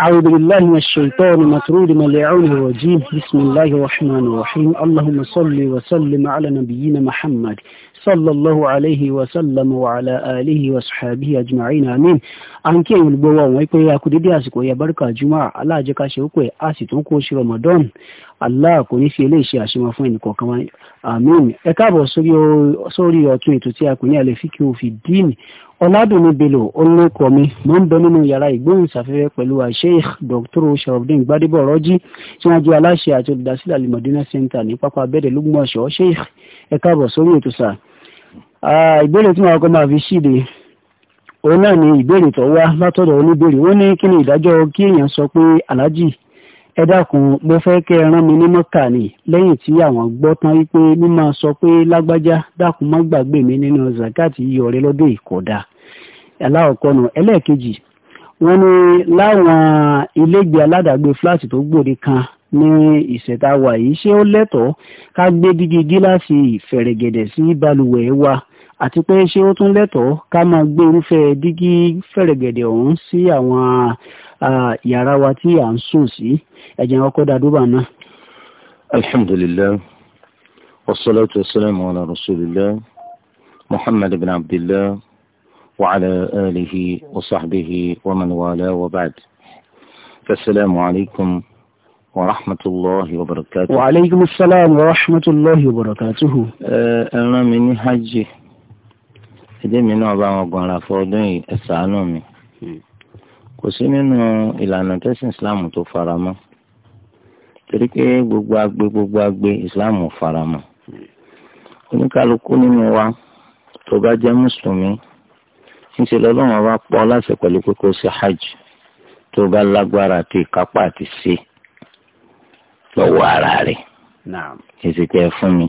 أعوذ بالله من الشيطان مطرود من لعونه وجيه بسم الله الرحمن الرحيم اللهم صل وسلم على نبينا محمد صلى الله عليه وسلم وعلى آله وصحبه أجمعين آمين an kí ẹ̀yin olùgbọ́ wa wọ́n wípé a kú dédé àsìkò ẹ̀yà bárúkà jùmọ̀ aláàjẹká ṣe ó pé a sì tún kó ṣe Ramadan Allah kò ní fi eléyìí àṣemọ fún ẹnì kọ̀ọ̀kan wa àmín ẹ káàbọ̀ sórí ọ̀tún ètò tí a kò ní àlẹ́ fi kí o fi díìnì ọ̀làdùnmí bello olóko mi mo ń bẹ nínú yàrá ìgbóhùnsáfẹ́fẹ́ pẹ̀lú Sheikh Dr. sharafdin gbadebo rọ́jí tí wọ́n jẹ́ aláṣẹ àti olùdásílẹ̀ Al-Madina Center ní pápá abẹ́rẹ́ lógún ọ̀ṣọ́ Sheikh ẹ káàbọ̀ sórí ètò sáà ìbéèrè tí màá kọ́ máa fi ṣíde òun náà ni ìbéèrè tó wá látọ̀dọ̀ oníbèrè wọ́n ní kí ni ìdájọ́ kí èèyàn sọ pé aláàjì ẹ dákun mo fẹ́ kẹ́ ẹ rán mi ní mọ́kà ni lẹ́yìn tí àwọn gbọ́ tán wípé mímọ sọ pé lágbájá dákun má gbàgbé mi nínú zakati yìí ọ̀rẹ́ lọ́dún ìkọ̀dá aláwọ̀kọ́ nù ẹlẹ́ẹ̀kejì wọ́n ní láwọn ilégbèé aládàgbé fúláàtì tó gbòde kan ní ìṣẹ̀ta wà yìí ṣé ó lẹ́tọ̀ọ́ ká gbé dígí gíláàsì fẹ̀rẹ̀gẹ̀dẹ̀ sí balùwẹ̀ wa àti pé ṣé ó tún lẹ́tọ̀ọ́ ká máa gbé irúfẹ́ dígí fẹ̀rẹ̀gẹ̀dẹ̀ ọ̀hún sí àwọn yàrá wa tí à ń sùn sí ẹ̀jẹ̀ ọkọ̀ dàdúbà náà. alhamdulilayi wasalaatu wasalaamu ala rasulilayi muhammad bin abdillah wa ala alihi wa sahbihi wa man wala wa baad. fasalaamu alaykum. ورحمة الله وبركاته وعليكم السلام ورحمة الله وبركاته أنا مني حجي ẹdí mi náà bá wọn gbọ́nra fọdún yìí ẹ̀sánú mi hmm. kò sí nínú ìlànà tẹ́sán islam tó fara mọ́ torí pé gbogbo agbe gbogbo agbe islam fara mọ́ hmm. oníkálukú nínú wa tó bá jẹ́ mùsùlùmí níṣẹ́ lọ́lọ́run wa pọ̀ láṣẹ pẹ̀lú pé kó ṣe hajj tó bá lágbára àti ìkápá àti ṣe. Si lọ́wọ́ ara rẹ̀ èsì tẹ fún mi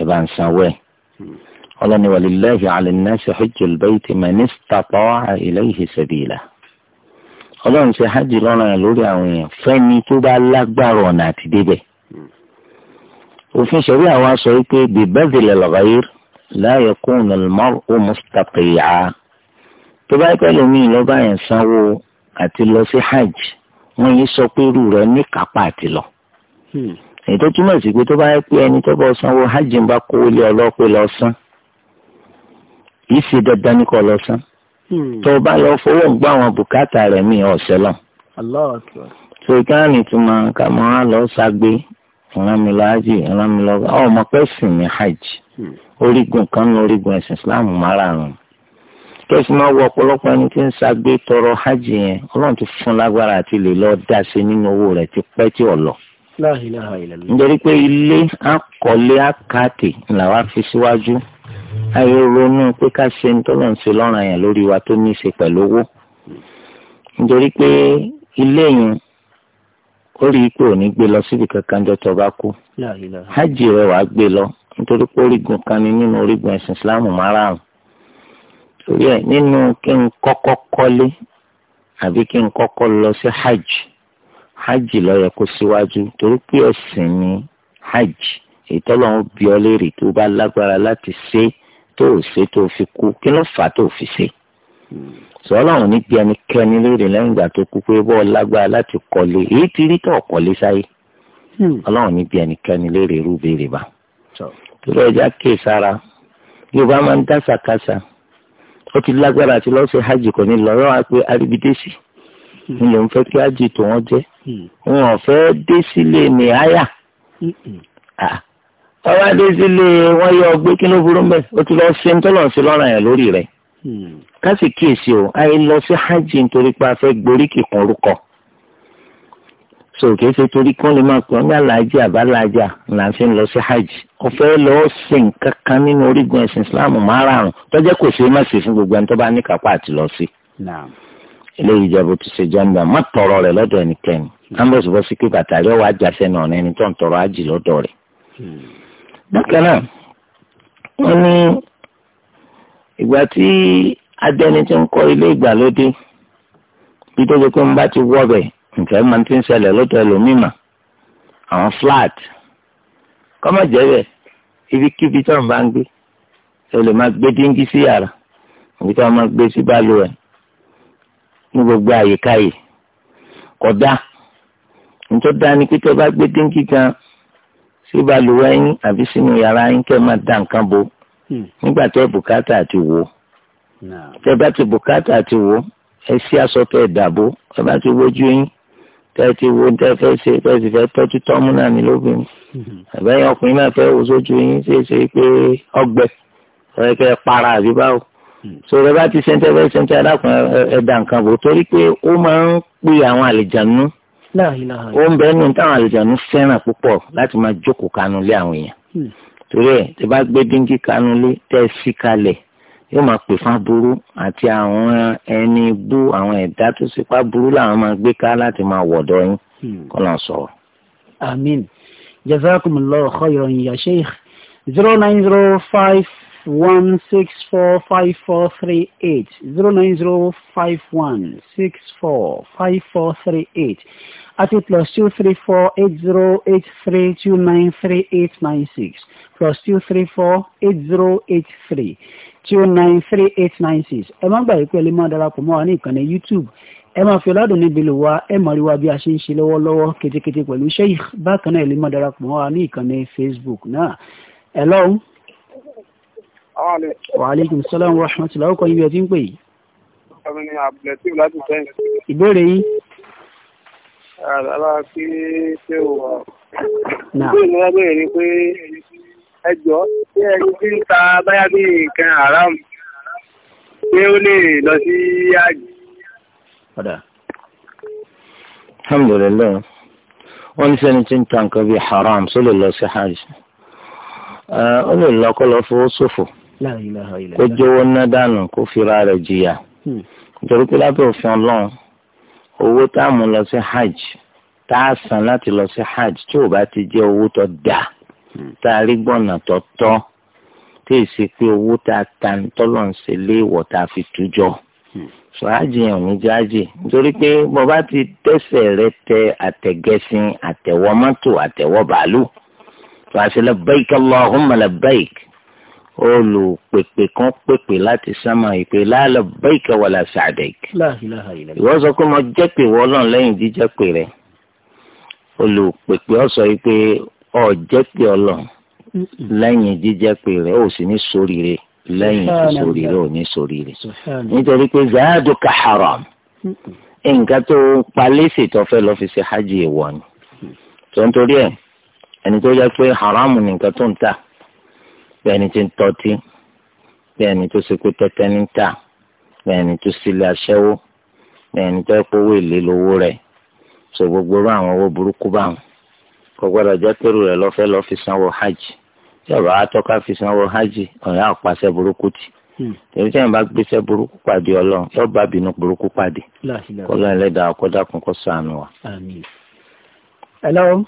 ẹ bá ń sanwó ẹ̀ hmm. ọlọ́ni walillahi ala nnasi hajjul bayti man istata'a ilayhi sabila ọlọ́run ṣe hajj lọ́rùn ẹ̀ lórí àwọn èèyàn fẹ́ni tó bá lágbára ọ̀nà àti débẹ̀ hmm. òfin ṣẹ̀rí àwọn aṣọ yìí pé bibadhil ghayr la yakunu al-mar'u mustati'a tó bá pẹ́ lómi lọ́ba yẹn sanwó àti lọ sí hajj wọ́n yìí sọ pé irú rẹ̀ ní kápá àti Hmm. èyí tó túmọ̀ sí pé tó bá yẹ pé ẹni tó bá sanwó hajj ń bá kó lé ọlọ́pẹ́ lọ san yìí ṣe dandan ní kọ́ lọ san hmm. tó o bá lọ fowó gbọ́ àwọn bùkátà rẹ̀ mí ọ̀sẹ̀ lọ. so ìkànnì ìtumọ̀ ká mọ́ á lọ ságbé ìran mi lọ hajj ìran mi lọ ọ ọmọ pẹ́ sìn ní hajj hmm. orígun kan ní orígun ẹ̀sìn Islam márààrún kẹ́sì máa wọ ọ̀pọ̀lọpọ̀ ẹni tí ń ságbé tọrọ hajj yẹn ọlọ́run ti fún lágbára àti lè lọ dá nínú owó rẹ̀ ti pẹ́ tí ò lọ nítorí pé ilé akọ̀lé akáàkì làwa fi síwájú ayé ronú pé ká ṣe ń tọ́lọ̀ ń ṣe lọ́rùn àyàn lórí wa tó ní í ṣe pẹ̀lú owó nítorí pé ilé yẹn ó rí i pé ò ní gbé lọ síbi kankan jọ tó bá kú hajj rẹ wàá gbé lọ nítorí pé orígun kan ni nínú orígun ẹ̀sìn islam márààrún torí ẹ nínú kí n kọ́kọ́ kọ́lé àbí kí n kọ́kọ́ lọ sí hajj hajj ló yẹ kó síwájú torí pé ẹ̀sìn ni hajj ìtọ́lọ́run bí ọ léèrè tó bá lágbára láti ṣe tó ò ṣe tó fi kú kí ló fà á tó fi ṣe. sọlọ́run ní bí ẹnikẹ́ni léèrè lẹ́yìn ìgbà tó kú pé bọ́ọ̀ lágbára láti kọ́lé èyí ti rí tó kọ́lé sáyé. Hmm. ọlọ́run ní bí ẹnikẹ́ni léèrè irú béèrè bá. torí ẹja ké sára yorùbá máa ń dásàkásà ó ti lágbára àti lọ́sẹ̀ hajj kò ní lọ́rọ́ wá pé ni òun fẹ́ kí ájì tó wọ́n jẹ́ wọn fẹ́ dé sílé ní àyà ọba dé sílé wọn yọ ọgbé kí burú mbẹ o ti lọ ṣe ńtọ́lọ̀ sí lọ́ràn yẹn lórí rẹ̀ ká sì kíyèsí o àyè lọ sí hajj nítorí pé a fẹ́ gborí kíkún orúkọ so kìí ṣe torí kí wọ́n lè máa pè ọ́ ní alájà àbálájà là ń fi lọ sí hajj ọ̀fẹ́ lọ́ọ́ ṣe nǹkan kan nínú orígun ẹ̀sìn Islam márààrún tọ́jẹ́ kò ṣe é má ṣe fún gbogbo ẹni tó bá ní kápá àti lọ sí eléyìí jẹ́ bó ti ṣe jẹ́ńdà má tọrọ rẹ̀ lọ́dọ̀ ẹnikẹ́ni ambos hmm. bọ́ sí pé bàtà rẹ̀ wà jáṣẹ́ náà ní ẹni tó ń tọrọ ájì lọ́dọ̀ rẹ̀. Hmm. bákan náà wọ́n ní ìgbà tí adẹni tí ń kọ́ ilé ìgbàlódé bí tó ṣe pé ń bá ti wọ́ bẹ̀ nǹkan máa ti ń ṣẹlẹ̀ lọ́dọ̀ ẹlòmíìmà àwọn flat kọ́mọ̀jẹ́ bẹ̀ ibikíbi tó ń bá ń gbé ẹ lè máa gbé díngí sí yàrá òbí tó máa gbé sí bálùwẹ̀ ní gbogbo àyíká yìí kódà nítorí dá ní pété bá gbé dínkì kan sí balùwẹ̀ yín àbí sínú yàrá yín kẹ́ máa dá nǹkan bo hmm. nígbà tẹ́ bùkátà àti wò tẹ́ bá ti bùkátà àti wò ẹ sí asọ́tọ̀ ìdàbò ẹ bá ti wojú yín tẹ́ ti wo tẹ́ fẹ́ ṣe tẹ́ sì fẹ́ tọ́jú tọ́mú náà ní lóbìnrin hmm. àbẹ́yìn ọkùnrin náà fẹ́ wo sójú yín ṣe é ṣe pé ọgbẹ́ ẹ para àbí báwo sọ̀rọ̀ bá ti ṣẹ́ńtẹ́ bẹ́ẹ̀ ṣẹ́ńtẹ́ adákùn ẹ̀dá nǹkan bò torí pé ó máa ń pè àwọn àlejànú ó ń bẹ́ẹ̀ nù táwọn àlejànú fẹ́ràn púpọ̀ láti máa jókòó kanú lé àwọn èèyàn hmm. torí ẹ̀ tí bá gbé díngí kanú lé tẹ́ ẹ sí kalẹ̀ yóò máa pè fún aburú àti àwọn ẹni bú àwọn ẹ̀dá tó sì pa burú làwọn máa gbé ká láti máa wọ̀dọ̀ yín hmm. kọ́ náà sọ̀rọ̀. àmín jazakumullahu khairan ya sheikh zero nine zero five one six four five four three eight zero nine zero five one six four five four three eight àti plus two three four eight zero eight three two nine three eight nine six plus two three four eight zero eight three two nine three eight nine six ẹ má gbàgbé pé ẹ lè máa darapọ̀ mọ́ wa ní ìkànnì youtube ẹ máa fi ọ̀làdùn níbi lò wá ẹ máa rí wa bí a ṣe ń ṣe lọ́wọ́lọ́wọ́ ketekete pẹ̀lú sheikh bákan náà ẹ lè máa darapọ̀ mọ́ wa ní ìkànnì facebook náà ẹ lọ́hùn. Wa alaikum salam wa rahmatullahi ọkọ̀ ibi ọtí ń pè yìí. Ọmọ ni Abdulatif láti sẹ́yìn. Ìbéèrè yìí. Àlá kí ṣé o wà. Ìbéèrè wọ́n ní sẹ́ni tí ń ta nǹkan bíi haram sólè lọ sí àjì. Ó lè lọ kó jówó ná dànù kó fira rẹ̀ jìyà hmm. nítorí pé lábẹ́ òfin ọlọ́run owó tá a mú lọ sí hajj tá a san láti lọ sí hajj tí ò bá ti jẹ́ owó tó dáa hmm. tá a rí gbọ̀nà tó tọ́ tí èsì pé owó tá a ta tọ́lọ̀ ń ṣe léèwọ̀ tá a fi tújọ́ hmm. sọ hajj yẹn ò ní jẹ́ hajj nítorí pé bọ́ba ti tẹ̀sẹ̀ rẹ tẹ àtẹ̀gẹ́sìn àtẹ̀wọ́ mọ́tò àtẹ̀wọ́ bàálù tó a ṣe labbaik Allahumma labbaik olùpèpè kan pèpè láti sámà ìpè la labbaika wala sa'daik. ìwọ sọ pé mo jẹ́ pé wọ́n lọ́n lẹ́yìn jíjẹ́ pé rẹ̀ olùpèpè ọ̀sọ̀ yìí pé ọ̀ jẹ́ pé ọlọ́n lẹ́yìn jíjẹ́ pé rẹ̀ ò sì ní sóríire lẹ́yìn sóríire ò ní sóríire. nítorí pé zaaduka haram nǹkan tó palẹ́sì tó fẹ́ lọ́ọ́ fi ṣe hajj ìwọ ni. tó ń ẹni tó jẹ́ pé haram nìkan tó ń ta bí ẹni tí ń tọ́tí bí ẹni tó ṣe pé tẹ́tẹ́ ní tà bí ẹni tó sílé aṣẹ́wó bí ẹni tó ẹ̀pọ̀ owó èlé lówó rẹ̀ so gbogbo rú àwọn owó burúkú bá wọn kò gbọ́dọ̀ jẹ́ pẹ̀lú rẹ̀ lọ́fẹ́ lọ́ fi sanwó hajj tí ọ̀rọ̀ atọ́ka fi sanwó hajj ọ̀yà àpàṣẹ burúkú tì hmm. tẹ̀lé tí wọn bá gbéṣẹ́ burúkú pàdé ọlọ́run yóò bá bínú burúkú pàdé kọ́lọ́ ẹlẹ́dàá ọkọ̀ dákun kó ṣàánú wa. Àmín. Hello.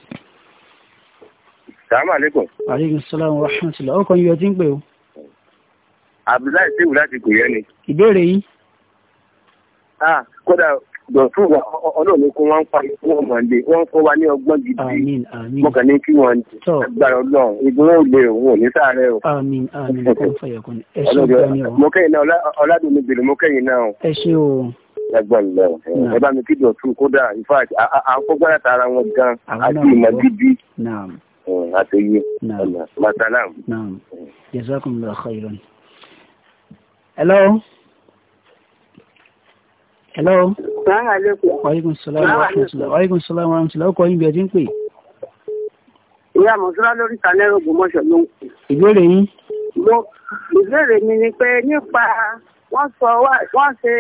Assalamu alaikum. Aleykum salaam wa rahmatulah. Ó kàn yọ tí ń pè o. Abdullahi Sehu láti Kòyẹ́ ni. Ìbéèrè yìí. Ah, kódà gbọ̀nfún wa ọlọ́run ni kó wọ́n ń pa ikú wọn mọ̀ lé wọ́n ń kọ́ wa ní ọgbọ́n gidi. Àmín àmín. Mọ̀kàn ní kí wọ́n gbàrọ̀ lọ́n ìgbín wọn ò lè òun ò ní sáré o. Àmín àmín kò fẹ̀yọ̀ kan. Ẹ ṣe ìgbani o. Mo kẹ́yìn náà Ọládùnmí Bèlú mo kẹ́yìn náà o. Ẹ ṣe o ẹgbọ́n lọ ẹ bá mi kí dọ̀tún kódà in fact à ń kó gbára tara wọn gan àti ìmọ̀ gidi. Mm, àtẹyé ọ̀nà masalam. Mm. jazakumullahu khairan. hello. hello. wàhálà sọlá wàhálà sọlá wàhálà sọlá ọkọ yín bí ẹ ti ń pè. ìyá mọ̀sọ́lá lórí sanẹ́rọ̀ ògbómọ̀ṣọ́ ló ń pè. ìbéèrè yín. ìbéèrè mi ni pé nípa wọ́n sọ wọ́n ṣe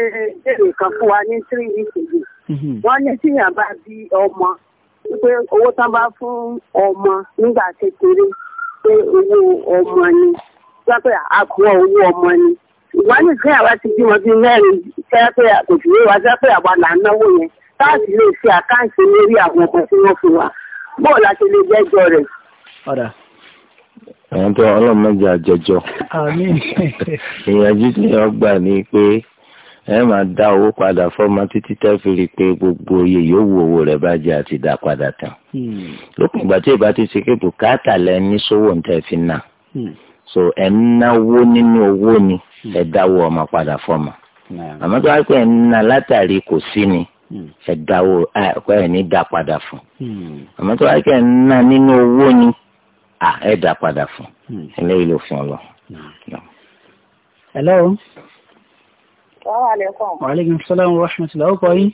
èrè kan fún wa ní three weeks ago. Mhm. wọ́n ní tíyàn bá bí ọmọ pé owó tán bá fún ọmọ nígbà kékeré pé owó ọmọ ni wọ́n pé àkọ́ owó ọmọ ni ìwà nìkan àwa ti bímọ bíi mẹ́rin kẹ́rẹ́ pé kò sí ìwà sẹ́ pé àwa là ń náwó yẹn táàsì lè ṣe àkáǹtì lórí àwọn ọkọ̀ tí wọ́n fún wa bóò la ṣe lè jẹ́jọ́ rẹ̀. àwọn tó ọlọ́run mẹ́jọ àjẹjọ́ ìyànjú tí wọ́n gbà ní pé ẹ máa dá owó padà fọ́mọ títí tẹ́ fi rí gbogbo iye yòówù owó rẹ bá jẹ́ àti dá padà tán. Hmm. lópin ìgbà tí ìbá ti ṣe pé bùkátà lẹ ní fi nà hmm. so ẹ náwó nínú owó ni hmm. ẹ dáwó ọmọ padà fọmọ àmọ́ tó wá pé ni ẹ dáwó ẹ ní dá padà fún àmọ́ tó wá owó ni ẹ dá padà fún fún ọ Wàhálẹ́gùn Sọ́lọ́run Rọ́ṣmọ̀tìlá ó kọ́ yí.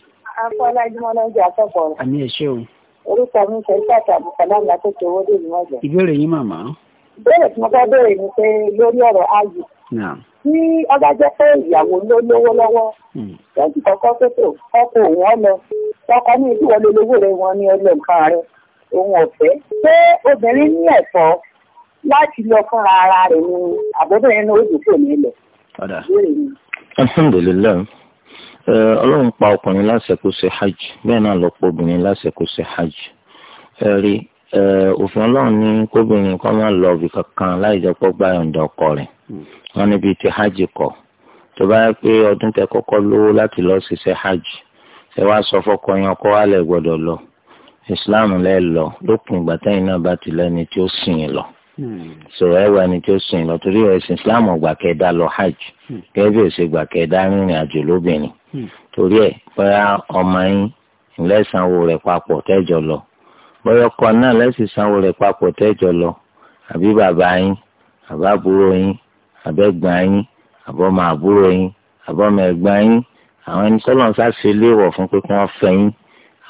Afọ́lá Jùmọ́lá jẹ́ àtọ́pọ̀ rẹ̀. Àmì ẹ̀ṣẹ́ o. Orúkọ mi ṣe ìṣàtà Bùkọ́lá ńlá tó tó owó dè ní ọjọ́. Ìbéèrè yín màmá. Ìbéèrè tí mo fẹ́ béèrè ni pé lórí ọ̀rọ̀ ayù. Tí ọba jẹ́ pé ìyàwó ló lówó lọ́wọ́, lẹ́yìn hmm. kọ́kọ́ tó ọkọ̀ òun ọ̀lọ́, ọkọ̀ ní ìdíwọ́ lólówó rẹ̀ wọn ní ọlọ́ láti lọ fúnra ara rẹ̀ ni àbóbìnrin ní ó dùn kò ní ilẹ̀? alhamdulilayi ọlọ́run pa ọkùnrin láṣẹ kó ṣe hajj bẹ́ẹ̀ náà ló pa obìnrin láṣẹ hajj ẹ rí òfin ọlọ́run ní kóbìnrin kan máa lọ ibì kankan láì jẹ́ pọ́ gba ìyọ̀ǹda ọkọ rẹ̀ wọ́n níbi tí hajj kọ. tó bá yẹ pé ọdún tẹ kọ́kọ́ lówó láti hajj sọ fọkọ yẹn ọkọ lọ islam lẹ lọ lópin ìgbà tẹ́yìn náà bá ti lẹ́ni tí ó sìn lọ. Hmm. so ẹ wọ ẹni tó sìn lọ torí ẹ̀sìn islam ọgbà kẹdà lọ hajj kẹbí hmm. ẹsẹ gbà kẹdà rìnrìn àjò lóbìnrin hmm. torí ẹ bóyá ọmọ yín lẹ́sànwó rẹ̀ papọ̀ tẹ́jọ lọ bóyá ọkọ náà lẹ́sìnsanwó rẹ̀ papọ̀ tẹ́jọ lọ àbí bàbá yín àbábúrò yín àbẹ́gbọ́n yín àbọ̀mọ̀ àbúrò yín àbọ̀mọ̀ ẹgbà yín àwọn ẹni tọ́lọ́nsá ṣe léèwọ̀ fún pé kí wọ́n fẹ́ yín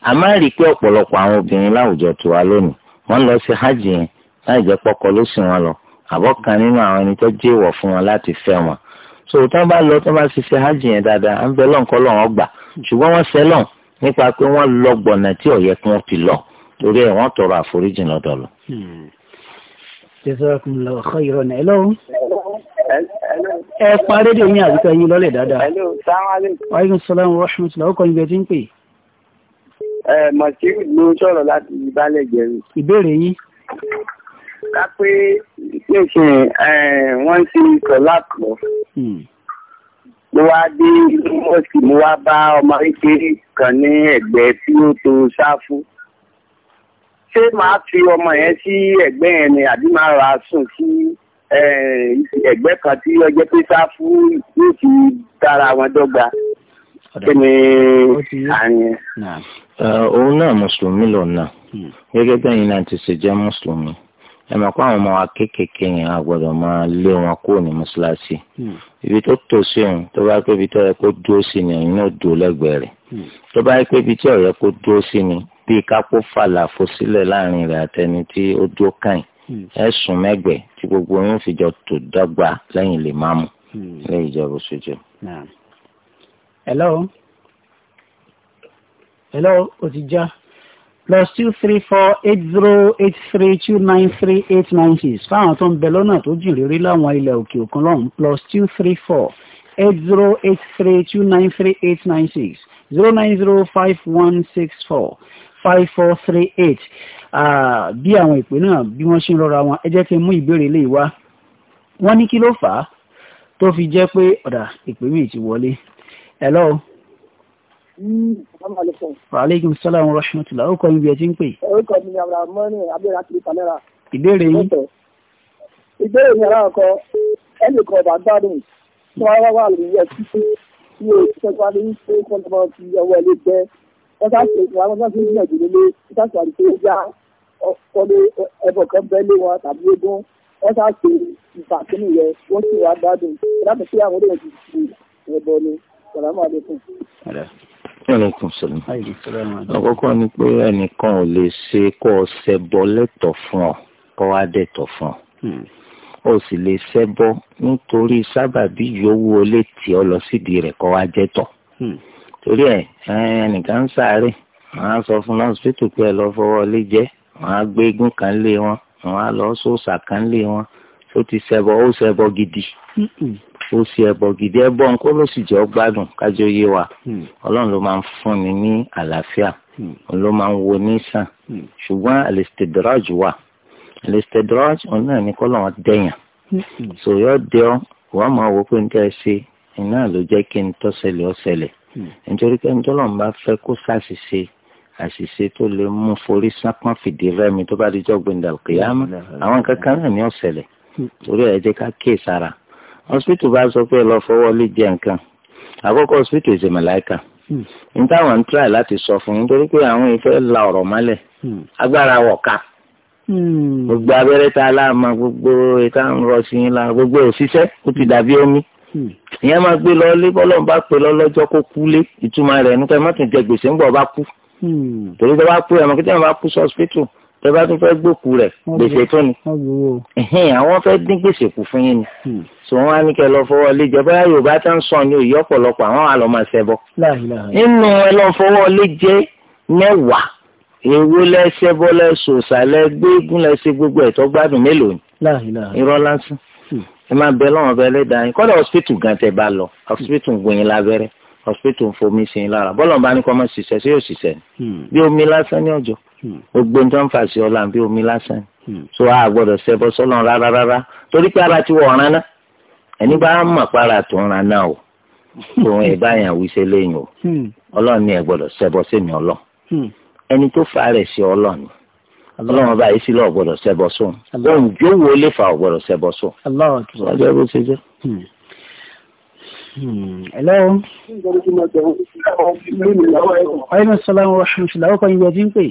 a máa rí i pé ọ̀pọ̀lọpọ̀ àwọn obìnrin láwùjọ tó wa lónìí wọ́n lọ sí hajj yẹn láì jẹ́ pọ́kọ ló sì wọn lọ àbọ̀ kan nínú àwọn ẹni tó jẹ́ ìwọ̀ fún wọn láti fẹ́ wọn so tó bá lọ tó bá sì ṣe hajj yẹn dáadáa à ń bẹ lọ́nkọ́ lọ́wọ́ gbà ṣùgbọ́n wọ́n ṣẹ́ lọ́n nípa pé wọ́n lọ gbọ̀nà tí ọ̀yẹ́ kí wọ́n ti lọ torí ẹ̀ wọ́n tọrọ àforíjì lọ́dọ̀ lọ. jazakumullahu khairan ẹ lọ́wọ́ ẹ pa rédíò ní àbíkọ́ yín lọ́lẹ̀ dáadáa. wàhálà sàlámù mọ̀síù ló ń sọ̀rọ̀ láti ìbálẹ̀ jẹ̀rù. ìbéèrè yín. ká pé níṣẹ́ wọ́n ti sọ̀ lápò. mo wá dé mọ́sí mo wá bá ọmọ kékeré kan ní ẹ̀gbẹ́ tí ó to ṣáfù. ṣé màá fi ọmọ yẹn sí ẹ̀gbẹ́ yẹn ni àbí màá ra sùn sí ẹ̀gbẹ́ kan tí ọjọ́ pé ṣáfù yóò fi dára wọn dọ́gba kí ni àyè. òun náà mùsùlùmí lọ́nà hmm. gẹ́gẹ́ bẹ́yìn náà ti ṣe jẹ́ mùsùlùmí ẹ mọ̀ pé àwọn ọmọ wa kéékèèké yẹn a gbọ́dọ̀ máa lé wọn kúrò ní mọ́ṣáláṣí hmm. ibi tó tò sí òun tó bá pé ibi tó yẹ kó dúró sí ni ẹ̀yin náà dúró lẹ́gbẹ̀ẹ́ rẹ̀ hmm. tó bá pé ibi tí yẹ kó dúró sí ni bíi kápó fàlàfo sílẹ̀ láàrin rẹ̀ àtẹni tí ó dúró kàn ẹ sùn mẹ́gbẹ̀ẹ́ tí gbogbo yín fi jọ tò dọ́gba lẹ́yìn lè máa mú lẹ́yìn ìjọba oṣù hello hello o plus two three four eight zero eight three two nine three eight nine six fáwọn tó ń bẹ lọ́nà tó jìn rírí láwọn ilẹ̀ òkè òkun lọ́hùn plus two three four eight zero eight three two nine three eight nine six zero nine zero five one six four five four three eight bí àwọn ìpè náà bí wọ́n ṣe ń rọra wọn ẹ jẹ́ kí n mú ìbéèrè lè wá wọ́n ní kí ló fà á tó fi jẹ́ pé ọ̀dà ìpè mi ti wọlé hello. Mm, Aleykum salaam wa rahmatulah. Ó kọ́ ibi ẹ̀ ń pè. Orúkọ mi ni Abdulhamani Abdulhakiri Kalera. Ìbéèrè yín. Ìbéèrè mi ara ẹnì kan ọba gbádùn tí wọ́n wá wà lórí ẹ̀ títí tí o ti sọ wá lórí pé wọ́n ti ọwọ́ ẹ̀ lé jẹ́. Wọ́n sá ṣe ìwà wọn sáfi wọ́n sá ṣe àdúgbò ìyá Wọ́n sá ṣe ìfàkínì rẹ̀ wọ́n sì Salamu alaikum. Ẹlẹ́kùn sọ̀rọ̀. Àkọ́kọ́ ni pé ẹnìkan ò lè ṣe kó o ṣẹbọ lẹ́tọ̀ fún ọ kó wá dẹ̀tọ̀ fún ọ. Hmm. O sì lè ṣẹbọ nítorí sábàbí yòówù o lè tì ọ lọ sídìí rẹ̀ kó wá jẹ́tọ̀. Hmm. Torí ẹ̀ ẹnìkan ń sáré, wọ́n á sọ fún lọ́sítítù pé ẹ lọ fọwọ́ lé jẹ́, wọ́n á gbé eégún kan lé wọn, wọ́n á lọ sóòsà kan lé wọn, ó ti ṣẹbọ ó ṣẹbọ gidi. Hmm ó ṣe ẹbọ gidi ẹbọ nǹkó ló sì jẹ ọ gbádùn kájọ yé wa hmm. Ọlọ́run ló máa ń fúnni ní àlàáfíà hmm. òun ló máa ń wo nísàn hmm. ṣùgbọ́n alistedraj wà alistedraj òun náà ní kọlọ wọn dẹyàn sòyọ dẹ ọ wọn máa wọ pé níta ẹ ṣe iná ló jẹ kí n tọ́ ṣẹlẹ̀ ọ ṣẹlẹ̀ nítorí pé nítorí Ọlọ́run bá fẹ́ kó ṣàṣìṣe àṣìṣe tó lè mú forí sápọn fìdí rẹmi tó bá di jọgbìn dàlùkìyàmù àwọn kankan náà ní ọ̀sẹ̀lẹ̀ torí ẹ̀ jẹ́ ká kíyèsára hospital bá sọ pé ẹ lọ fọwọ́ lè jẹ nǹkan àkọ́kọ́ hospital ìṣe màláìka hmm. n táwọn ń tíráì láti sọ fún un nítorí pé àwọn ìfẹ́ la ọ̀rọ̀ mọ́lẹ̀ hmm. agbára wọ̀ ká hmm. gbogbo abẹ́rẹ́ tá a láàmà gbogbo ìta ń rọ sí i la gbogbo òṣìṣẹ́ ó ti dàbí omi ìyẹn máa gbé lọ lé bọ́lọ́n bá pè lọ lọ́jọ́ kó kú lé ìtumọ̀ rẹ̀ nípa ẹ má tún jẹ gbèsè ńgbọ̀ bá kú torí tó bá kú ẹ̀ mọ̀ kí tẹ́lẹ̀ bá kú sí hospital tẹ́ bá tún fẹ́ gbòkú rẹ̀ gbèsè tó ni àwọn fẹ́ dín gbèsè kù fún yín ni sọ wọn á ní kẹ lọ fọwọ́ lé jẹ báyà yorùbá tá ń sọ ní òye ọ̀pọ̀lọpọ̀ àwọn àlọ́ máa ṣẹbọ. nínú ẹ lọ fọwọ́ lé jẹ mẹ́wàá èwo lẹ́sẹ̀ bọ́ lẹ́sọ̀ sàlẹ̀ gbégún lẹ́sẹ̀ gbogbo ẹ̀tọ́ gbádùn mélòó ni. irọ́ lásán ẹ máa bẹ lọ́wọ́ bẹ lẹ́dàá yín kọ́dọ̀ hospital gan tẹ bá lọ hospital ń gbóyin lábẹ́rẹ́ hospital ń fomi sí i lára bọ́lọ̀ bá ní kọ́ mọ́ ṣiṣẹ́ sí yóò ṣiṣẹ́ ni bí omi lásán ní ọjọ́ gbogbo nǹkan fà sí ọ̀la bí omi lásán ni so a gbọ́dọ̀ ṣẹbọ sọ́lọ́ rárá rárá torí pé ara ti wọ̀ ọ̀ràn náà ẹni bá mọ̀ para tó ń ra náà o òun ẹ̀ báyà wíṣẹ́ lẹ́yìn o ọlọ́run ni ẹ̀ gbọ́dọ̀ ṣẹbọ sẹ́mi ọlọ́run ẹni tó fa rẹ̀ sí ọlọ́run ọlọ́run ọba yìí sí lọ́ọ̀ gbọ́dọ̀ ṣẹbọ sóun òun jówó lè fa ọ̀gbọ́dọ̀ ṣẹbọ sóun. ọjọ́ bó ṣe jẹ́. Hello. Wa alaykum salaam wa rahmatullahi wa barakatuh.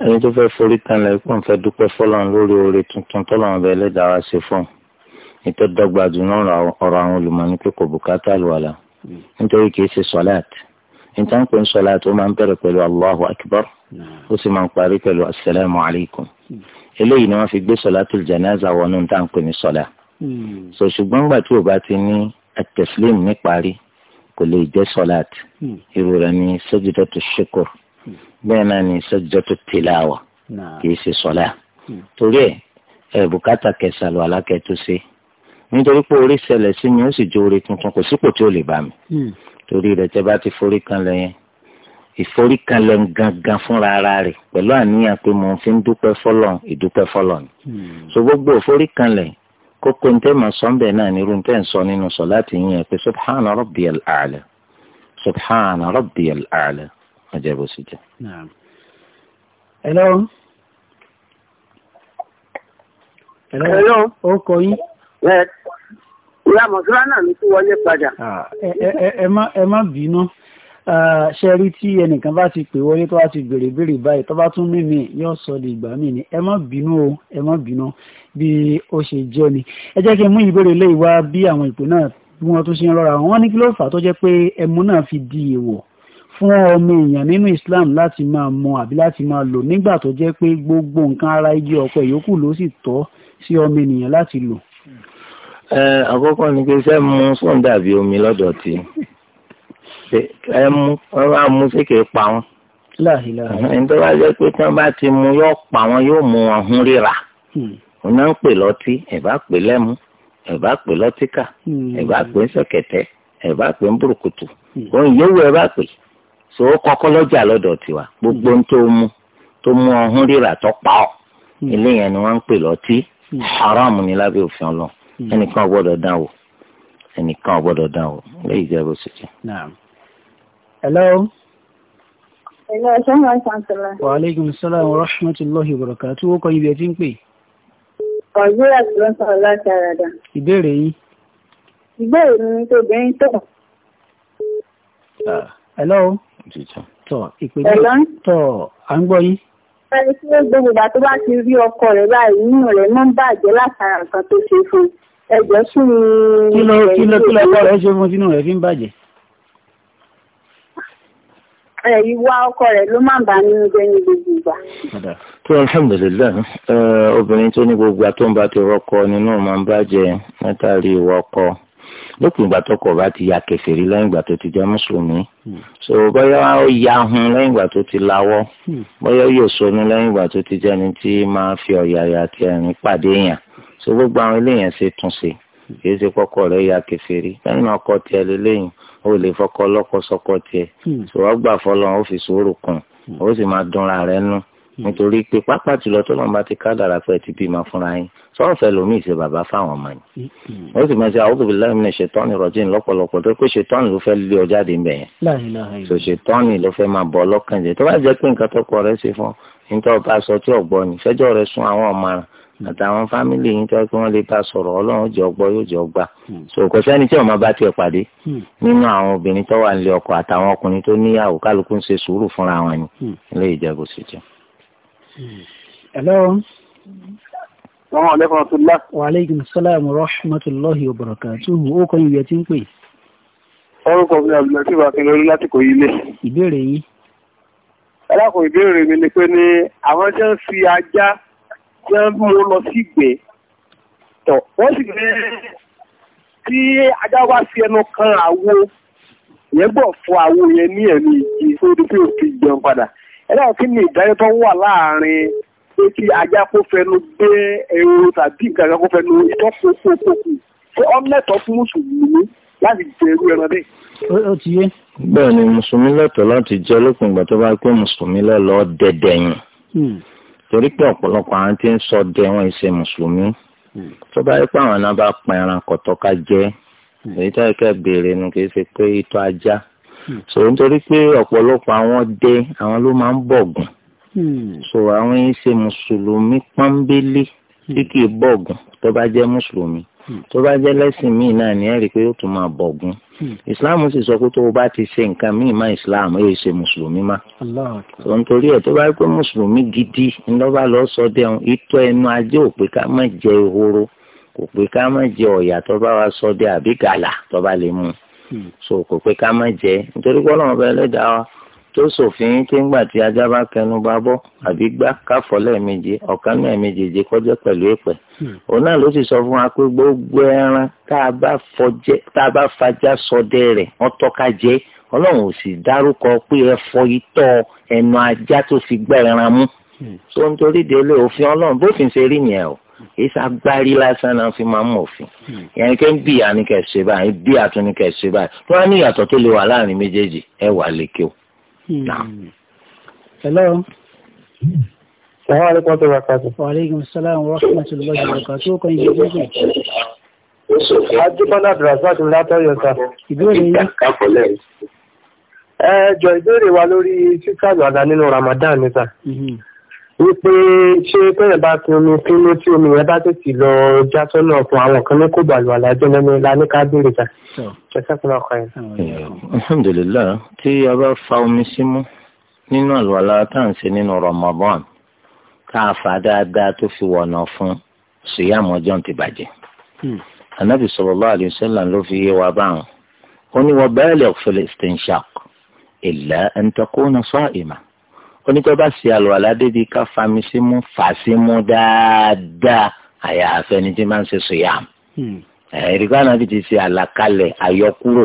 ẹni tó fẹ́ forí kanlẹ̀ pọ̀ ń fẹ́ dúpẹ́ fọlọ́run lórí oore tuntun tọ́lọ́run bẹ́ẹ̀ lẹ́dàá wá ṣe fún un ìtọ́dọ́gba dùnú ọ̀rọ̀ àwọn olùmọ̀ọ́ni pé kò bùkátà lùwàlà nítorí kìí ṣe sọ́láàt níta ń pè ń sọ́láàt ó máa ń bẹ̀rẹ̀ pẹ̀lú allahu akbar ó sì máa ń parí pẹ̀lú asalaamu alaykum eléyìí ni wọ́n fi gbé sọ́láàtul janaza wọnú níta ń ní sọ́lá so ṣùgbọ́n gbà tí o bá ti ní atẹ̀sílẹ̀mù ní parí kò lè jẹ́ sọ́láàt irú rẹ̀ ní sẹ́júdọ̀tù ṣekọ̀ọ́ bẹ́ẹ̀ náà ni sajjatu tilawa kì í ṣe sọlá hmm. torí ẹ ẹ bùkátà kẹsàlù alákẹtù sí nítorí pé orí ṣẹlẹ̀ sí mi ó sì jó orí tuntun kò sípò tí ò lè bá mi hmm. torí rẹ tẹ bá ti forí kan lẹ yẹn ìforí kan lẹ gangan fúnra ara rẹ pẹ̀lú àníyàn pé mo fi ń dúpẹ́ fọlọ ìdúpẹ́ fọlọ ni hmm. so gbogbo òforí kan lẹ kókó ntẹ mà sọ náà ní irú ntẹ nsọ nínú sọ láti yín ẹ pé subhana rabbiyal a'la subhana rabbiyal a'la ọjọ́ bó sì jẹ́. hello. hello. hello. ó kọ yín. ìyá mọ̀síwá náà ló tún wọlé padà. ẹ má bínú ṣẹ́rí tí ẹnìkan bá ti pè wọlé tó bá ti béèrè béèrè báyìí tó bá tún mímì yóò sọ di ìgbà míì ni ẹ má bínú o ẹ má bínú bí ó ṣe jẹ́ ni ẹ jẹ́ kí n mú ìbéèrè lè wá bí àwọn ìpè náà bí wọ́n tún ṣe ń rọra wọn ní kí ló fà á tó jẹ́ pé ẹmu náà fi di èèwọ̀ fún ọmọ èèyàn nínú Islam láti máa mọ àbí láti máa lò nígbà tó jẹ́ pé gbogbo nǹkan ara igi ọ̀pẹ yòókù ló sì tọ́ sí ọmọ ènìyàn láti lò. ẹ àkọ́kọ́ ni pé sẹ́ mu sóun dàbí omi lọ́dọ̀ tí ẹ mú wọ́n bá mú sékè pa wọ́n. ẹni tó bá jẹ́ pé tí wọ́n bá ti mu yóò pa wọ́n yóò mú wọn ríra. Hmm. òun ń pè lọ́tí ẹ̀ pè lẹ́mu ẹ̀ pè lọ́tíkà ẹ̀ hmm. pè ń ṣẹ̀kẹ̀tẹ̀ hmm. ẹ̀ pè ń bùrùkùtù òun yóò wọ ẹ̀ pè so ó kọ́kọ́ lọ́jà lọ́dọ̀ tiwa gbogbo ń tó mú tó mú ọ̀hún rírà tó pa ọ́ hmm. eléyẹn ni wọ́n ń pè lọ́tí hmm. haram ni lábẹ́ òfin ọlọ́ hmm. ẹnìkan ò gbọ́dọ̀ dán wò ẹnìkan ò gbọ́dọ̀ dán wò lẹ́yìn ìjẹ́ bó ṣe jẹ́. hello. hello ṣọ́nà ṣàǹtìlá. wa aleykum salaam wa rahmatulahi wa barakatuh ó kọ́ ibi ẹ ti ń pè. ọ̀gbẹ́rẹ́ àti lọ́sàn-án láti àràdà. ìbéèrè yìí. ìbéèrè mi ni tó bẹ́ẹ̀ ah, ń hello tọ ìpèjọ tọ à ń gbọ́ yín. ẹni tí ó gbé bùbá tó bá ti rí ọkọ rẹ̀ báyìí nínú rẹ̀ máa ń bàjẹ́ látara nǹkan tó ṣe fún un ẹjọ́ sí ni. kí ló kí ló kí ló ọkọ rẹ̀ ṣe fún sínú rẹ̀ fi ń bàjẹ́. ìwà ọkọ rẹ̀ ló máa ń bá nínú jẹ́ ní gbogbo ìgbà. tó alhamdulilayi obìnrin tó ní gbogbo àtúnbà ti rọkọ nínú máa ń bàjẹ́ látàrí ìwà ọkọ lópin ìgbà tọkọ bá ti ya kèfèrí lẹ́yìn ìgbà tó ti jẹ́ mùsùlùmí hmm. so bóyá ó ya hun lẹ́yìn ìgbà tó ti lawọ́ hmm. bóyá ó yóò sọnù lẹ́yìn ìgbà tó ti jẹ́ni tí máa fi ọ̀yàyà àti ẹ̀rín pàdé yàn so gbogbo àwọn eléyàn ṣe tún ṣe kì í ṣe kọ́kọ́ rẹ̀ ya kèfèrí lẹ́yìn ọkọ tiẹ̀ lélẹ́yìn ó lè fọkọ lọ́kọ sọ́kọ tiẹ̀ hmm. so ọgbà fọlọ́ ó fi sòrò kùn ó sì máa dunra rẹ̀ nù nítorí pé pápá jùlọ tó máa ti kádàrà pé ti bímọ fúnra yín sọ́ọ̀fẹ́ lomi ṣe bàbá fáwọn ọmọ yìí ó sì máa ṣe a'udhu billahi minash shaitani rajim lọ́pọ̀lọpọ̀ tó pé ṣètọ́nì ló fẹ́ lé ọ jáde ńbẹ̀ yẹn so ṣètọ́nì ló fẹ́ máa bọ̀ ọlọ́kàn jẹ tó bá jẹ́ pé nǹkan tọkọ rẹ ṣe fún nítorí ọba sọ tí ọgbọ ni fẹjọ́ rẹ sún àwọn ọmọràn àtàwọn fámìlì yìí tó kí wọn lè bá sọ̀rọ̀ Ọlọ́run jẹ ọgbọ yóò jẹ ọgbà hmm. so kò sẹ́ni tí ọmọ bá tiẹ̀ pàdé hmm. nínú àwọn obìnrin tó wà nílé ọkọ àtàwọn ọkùnrin tó níyàwó kálukú ń ṣe sùúrù fúnra wọn ni hmm. ilé ìjẹbù sì jẹ. Hello. Assalamu alaikum warahmatullah. Wa alaikum assalam warahmatullahi wabarakatuh. Ó kọ́ ìyẹ̀ tí ń pè. Orúkọ mi àbúlọ̀ tí wà kìlọ̀ láti kò ilé. Ìbéèrè yìí. Alákò ìbéèrè mi ni pé ní àwọn tí ń fi ajá tí ń mú lọ sí ìgbẹ́. Tọ̀ wọ́n sì gbé tí ajá wá fi ẹnu kan àwo yẹn gbọ̀ fún àwo yẹn ní ẹ̀mí ìjì tó di pé òfin padà ẹ̀rọ kí ni ìdájọ́ tó wà láàrin pé kí ajá kó fẹnu gbé ehoro tàbí nǹkan kan kó fẹnu ìtọ́ kókókókó ṣé ọmọlẹ́tọ̀ fún mùsùlùmí láti jẹ irú ẹran bẹ́ẹ̀. ó ti yé. bẹ́ẹ̀ ni mùsùlùmí lẹ́tọ̀ láti jẹ́ lópin ìgbà tó bá pé mùsùlùmí lọ́ọ́ dẹ̀dẹ̀ yìn hmm. torí pé ọ̀pọ̀lọpọ̀ àwọn tí ń sọ dẹ wọn ṣe mùsùlùmí hmm. tó bá yẹ pé àwọn náà bá pa ẹran kọ̀tọ́ ká jẹ́ hmm. èyí tó yẹ kẹ́ béèrè nu kì í ṣe pé ìtọ́ ajá so nítorí pé ọ̀pọ̀lọpọ̀ àwọn dẹ àwọn ló máa ń bọ̀gùn hmm. so àwọn yìí ṣe mùsùlùmí pọ́nbélé hmm. tí kì í bọ̀gùn tó bá jẹ́ mùsùlùmí hmm. tó bá jẹ́ lẹ́sìn míì náà ni ẹ rí i pé ó tún máa bọ̀gùn islam sì sọ pé tó o bá ti ṣe nǹkan míì má islam yóò ṣe mùsùlùmí má so nítorí ẹ̀ tó bá rí pé mùsùlùmí gidi ńlọ́ba lọ sọ dẹ́hùn ìtọ́ ẹnu ajé òpè ká má jẹ ehoro kò pé ká má jẹ ọ̀yà tó bá wa sọ dé àbí gàlà tó bá lè mú un Hmm. so kò pé ká má jẹ nítorí pé ọlọ́run ọba ẹlẹ́dàá wa tó ṣòfin pé ńgbà tí ajá bá kẹnu bá bọ́ àbí gbá káfọ́ lẹ́ẹ̀mejì ọ̀kan lẹ́ẹ̀mejì èjì kọjá pẹ̀lú èpẹ̀ hmm. òun náà ló sì sọ fún wa pé gbogbo ẹran tá a bá fajá ṣọdẹ rẹ̀ wọ́n tọ́ka jẹ́ ọlọ́run ò sì dárúkọ pé ẹ fọ itọ́ ẹnu ajá tó fi gbẹ́ ẹran mú. Hmm. so nítorí délé òfin ọlọ́run bófin ṣe rí nìyẹn o èyí sàgbárí lásán náà fi máa ń mọ òfin yẹn ni kẹ́ ń bí ìyá ní kẹ́ ṣe báyìí bí àtún ní kẹ́ ṣe báyìí tí wọ́n ní ìyàtọ̀ tó lè wà láàrin méjèèjì ẹ wà lékè o. Hmm. hello. sàwọn àlekún tó wà kàtó. wàleykum salaam wa rahmatulahi wa barakatuh tó kàn yín lójú. adébọ́lá abdulrasaq látọ̀yọ̀ sá. ìbéèrè yín. ẹ jọ ìbéèrè wa lórí fífàlù Ramadan níta wípé ṣé tẹ́yẹ̀ bá fi omi sínú tí omi yẹn bá tètè lọ já sọ́nà fún àwọn kan ní kò bá lu àlàjọ lẹ́nu la ní ká béèrè jà ṣẹ́sẹ́kùnrin ọkọ yẹn. alhamdulilayi tí a bá fa omi símú nínú àlùwàlá tá à ń ṣe nínú Ramadan ká a fà dáadáa tó fi wọ̀nà fún ṣìyàmù ọjọ́ ti bàjẹ́. anabi hmm. sallallahu alaihi ló fi yé wa báwọn ó ní wa baligh fil istinshaq illa an takuna sa'ima onítọ́ bá ṣe àlùwàlá débi ká fami sí mú fà sí mú dáadáa àyà àfẹni tí máa ń ṣe sòyàm. Hmm. ẹ̀ẹ́dìgbà náà ti ṣe àlàkalẹ̀ àyọkúrò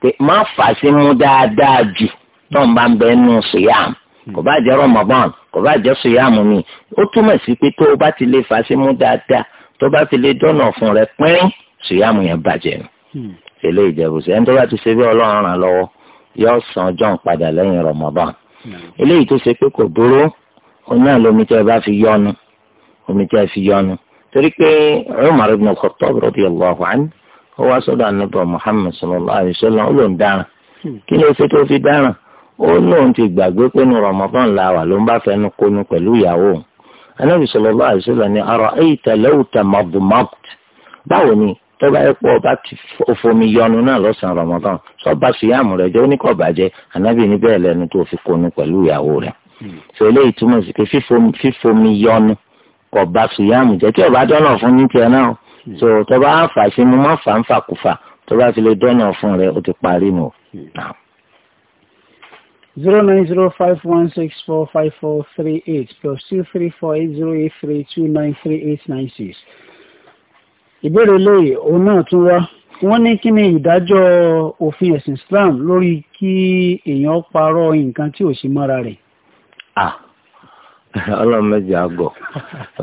pé má fà sí mú dáadáa jù tó ń bá ń bẹ nù sòyàm hmm. kò bá jẹ́ rọmọbọ́n kò bá jẹ́ sòyàm mi ó túmọ̀ sí pé tó o bá ti lè fà sí mú dáadáa tó bá ti lè dọ́nà fún rẹ pín sòyàm yẹn bàjẹ́ nù. ṣèlè ìjẹ̀bùsẹ̀ ẹni tó bá ti ṣe bí ọlọ́run ràn lọ́wọ́ yóò san ọjọ́ ń eléyìí tó ṣe pé kò dúró òun náà lómi tẹ́ ẹ bá fi yọnu omi tẹ́ ẹ fi yọnu torí pé Umar ibn al-Khattab radiyallahu anhu ó wá sọ́dọ̀ anábọ̀ Muhammad sallallahu alayhi wa sallam ó lòún dáràn kí ló ṣe tó fi dáràn ó lóun ti gbàgbé pé nu Ramadan la wà ló ń bá fẹnu kónú pẹ̀lú ìyàwó anábì sallallahu alayhi wa sallam ni ara'ayta law tamaḍmaḍta báwo ni tó bá yẹ pé ọba òfomi yọnu náà lọ́sàn-án Ramadan sọba sùyàmù rẹ̀ jẹ́ oníkọ̀bàjẹ́ ànábì ní bẹ́ẹ̀ lẹ́nu tó fi konu pẹ̀lú ìyàwó rẹ̀ sọ eléyìí túmọ̀ sí pé fífomi yọnu kọ̀ba sùyàmù jẹ́ kí ọba dọ́nà fún ní tiẹ̀ náà so tó bá fà sí mu má fà ń fà kú fà tó bá fi lè dọ́nà fún rẹ̀ ó ti parí mu. zero nine zero five one six four five four three eight plus two three four eight zero eight three two nine three eight nine six ìbéèrè lóye òun náà tún wá wọ́n ní kí ni ìdájọ́ òfin ẹ̀sìn Islam lórí kí èèyàn parọ́ nǹkan tí ò sí mọ́ra rẹ̀. ọlọ́run méjì á gọ̀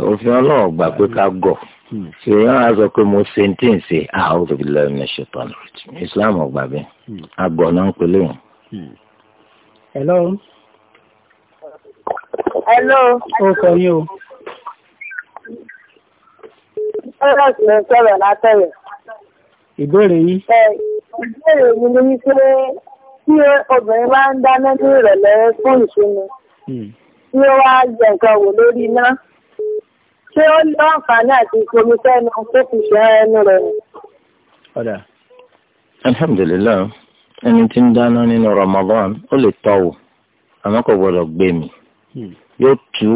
òfin ọlọ́run gbà pé ká gọ̀ ṣèyàn á sọ pé mo ṣe tí ń ṣe a'udhu billahi minash shaitanir rajim Islam ọgbà bẹ́ẹ̀ àgọ̀ náà ń pè léyìn. hello. hello. O kọ yín o. Ọ́rọ̀sì ló ń sọ̀rọ̀ látẹ̀yẹ̀. Ìbéèrè yìí. Ìbéèrè mi ni wípé tí obìnrin bá ń dáná ní ìrọ̀lẹ́ fún ìsinmi, hmm. tí ó wá jẹ nǹkan wò lórí iná, ṣé ó ní àǹfààní àti ìfomi sẹ́nu tó fi ṣe ẹnu rẹ̀ nù? Ọ̀dà. Alhamdulilayi, ẹni tí ń dáná nínú Ramadan, ó lè tọ́wò, àmọ́ kò gbọ́dọ̀ gbé mi. Hmm. Yóò tú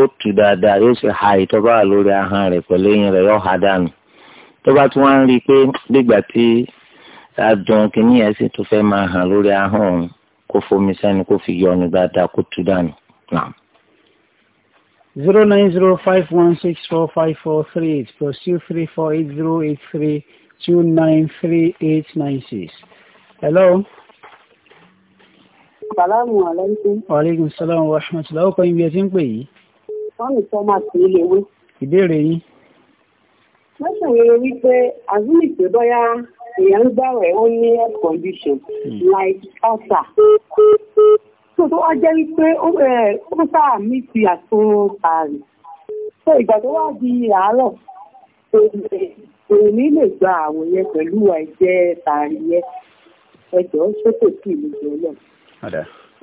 ó tù dáadáa yóò ṣe ha ìtọ́ lórí ahọ́n rẹ̀ pẹ̀lú eyín rẹ̀ yóò ha dànù tó bá tún wá ń rí i pé nígbà tí adùn kìíní ẹ̀ sì tún fẹ́ máa hàn lórí ahọ́n òun kó fomi sẹ́ni kó fi yọ ọ́nù dáadáa kó tù dànù. zero nine zero five one six four five four three eight plus two three four eight zero eight three two nine three eight nine six. hello. salaamaleykum. waaleykum salaam wa rahmatulah. ó kọ́ ibi ẹ ti ń pè yìí sọ́nù sọ́mà sí ilé wé. ìbéèrè yín. wọ́n ṣàwérò wípé azumi pé bóyá èèyàn ń gbàwẹ̀ ó ní health condition hmm. like ulcer. tó tó wá jẹ́ wípé ó sáà mí ti àtò ààrùn. tó ìgbà tó wá di àárọ̀ òní lè gba àwọn yẹn pẹ̀lú ẹ̀jẹ̀ tààrí yẹn ẹjọ́ ṣókò sí ìlú jọlọ.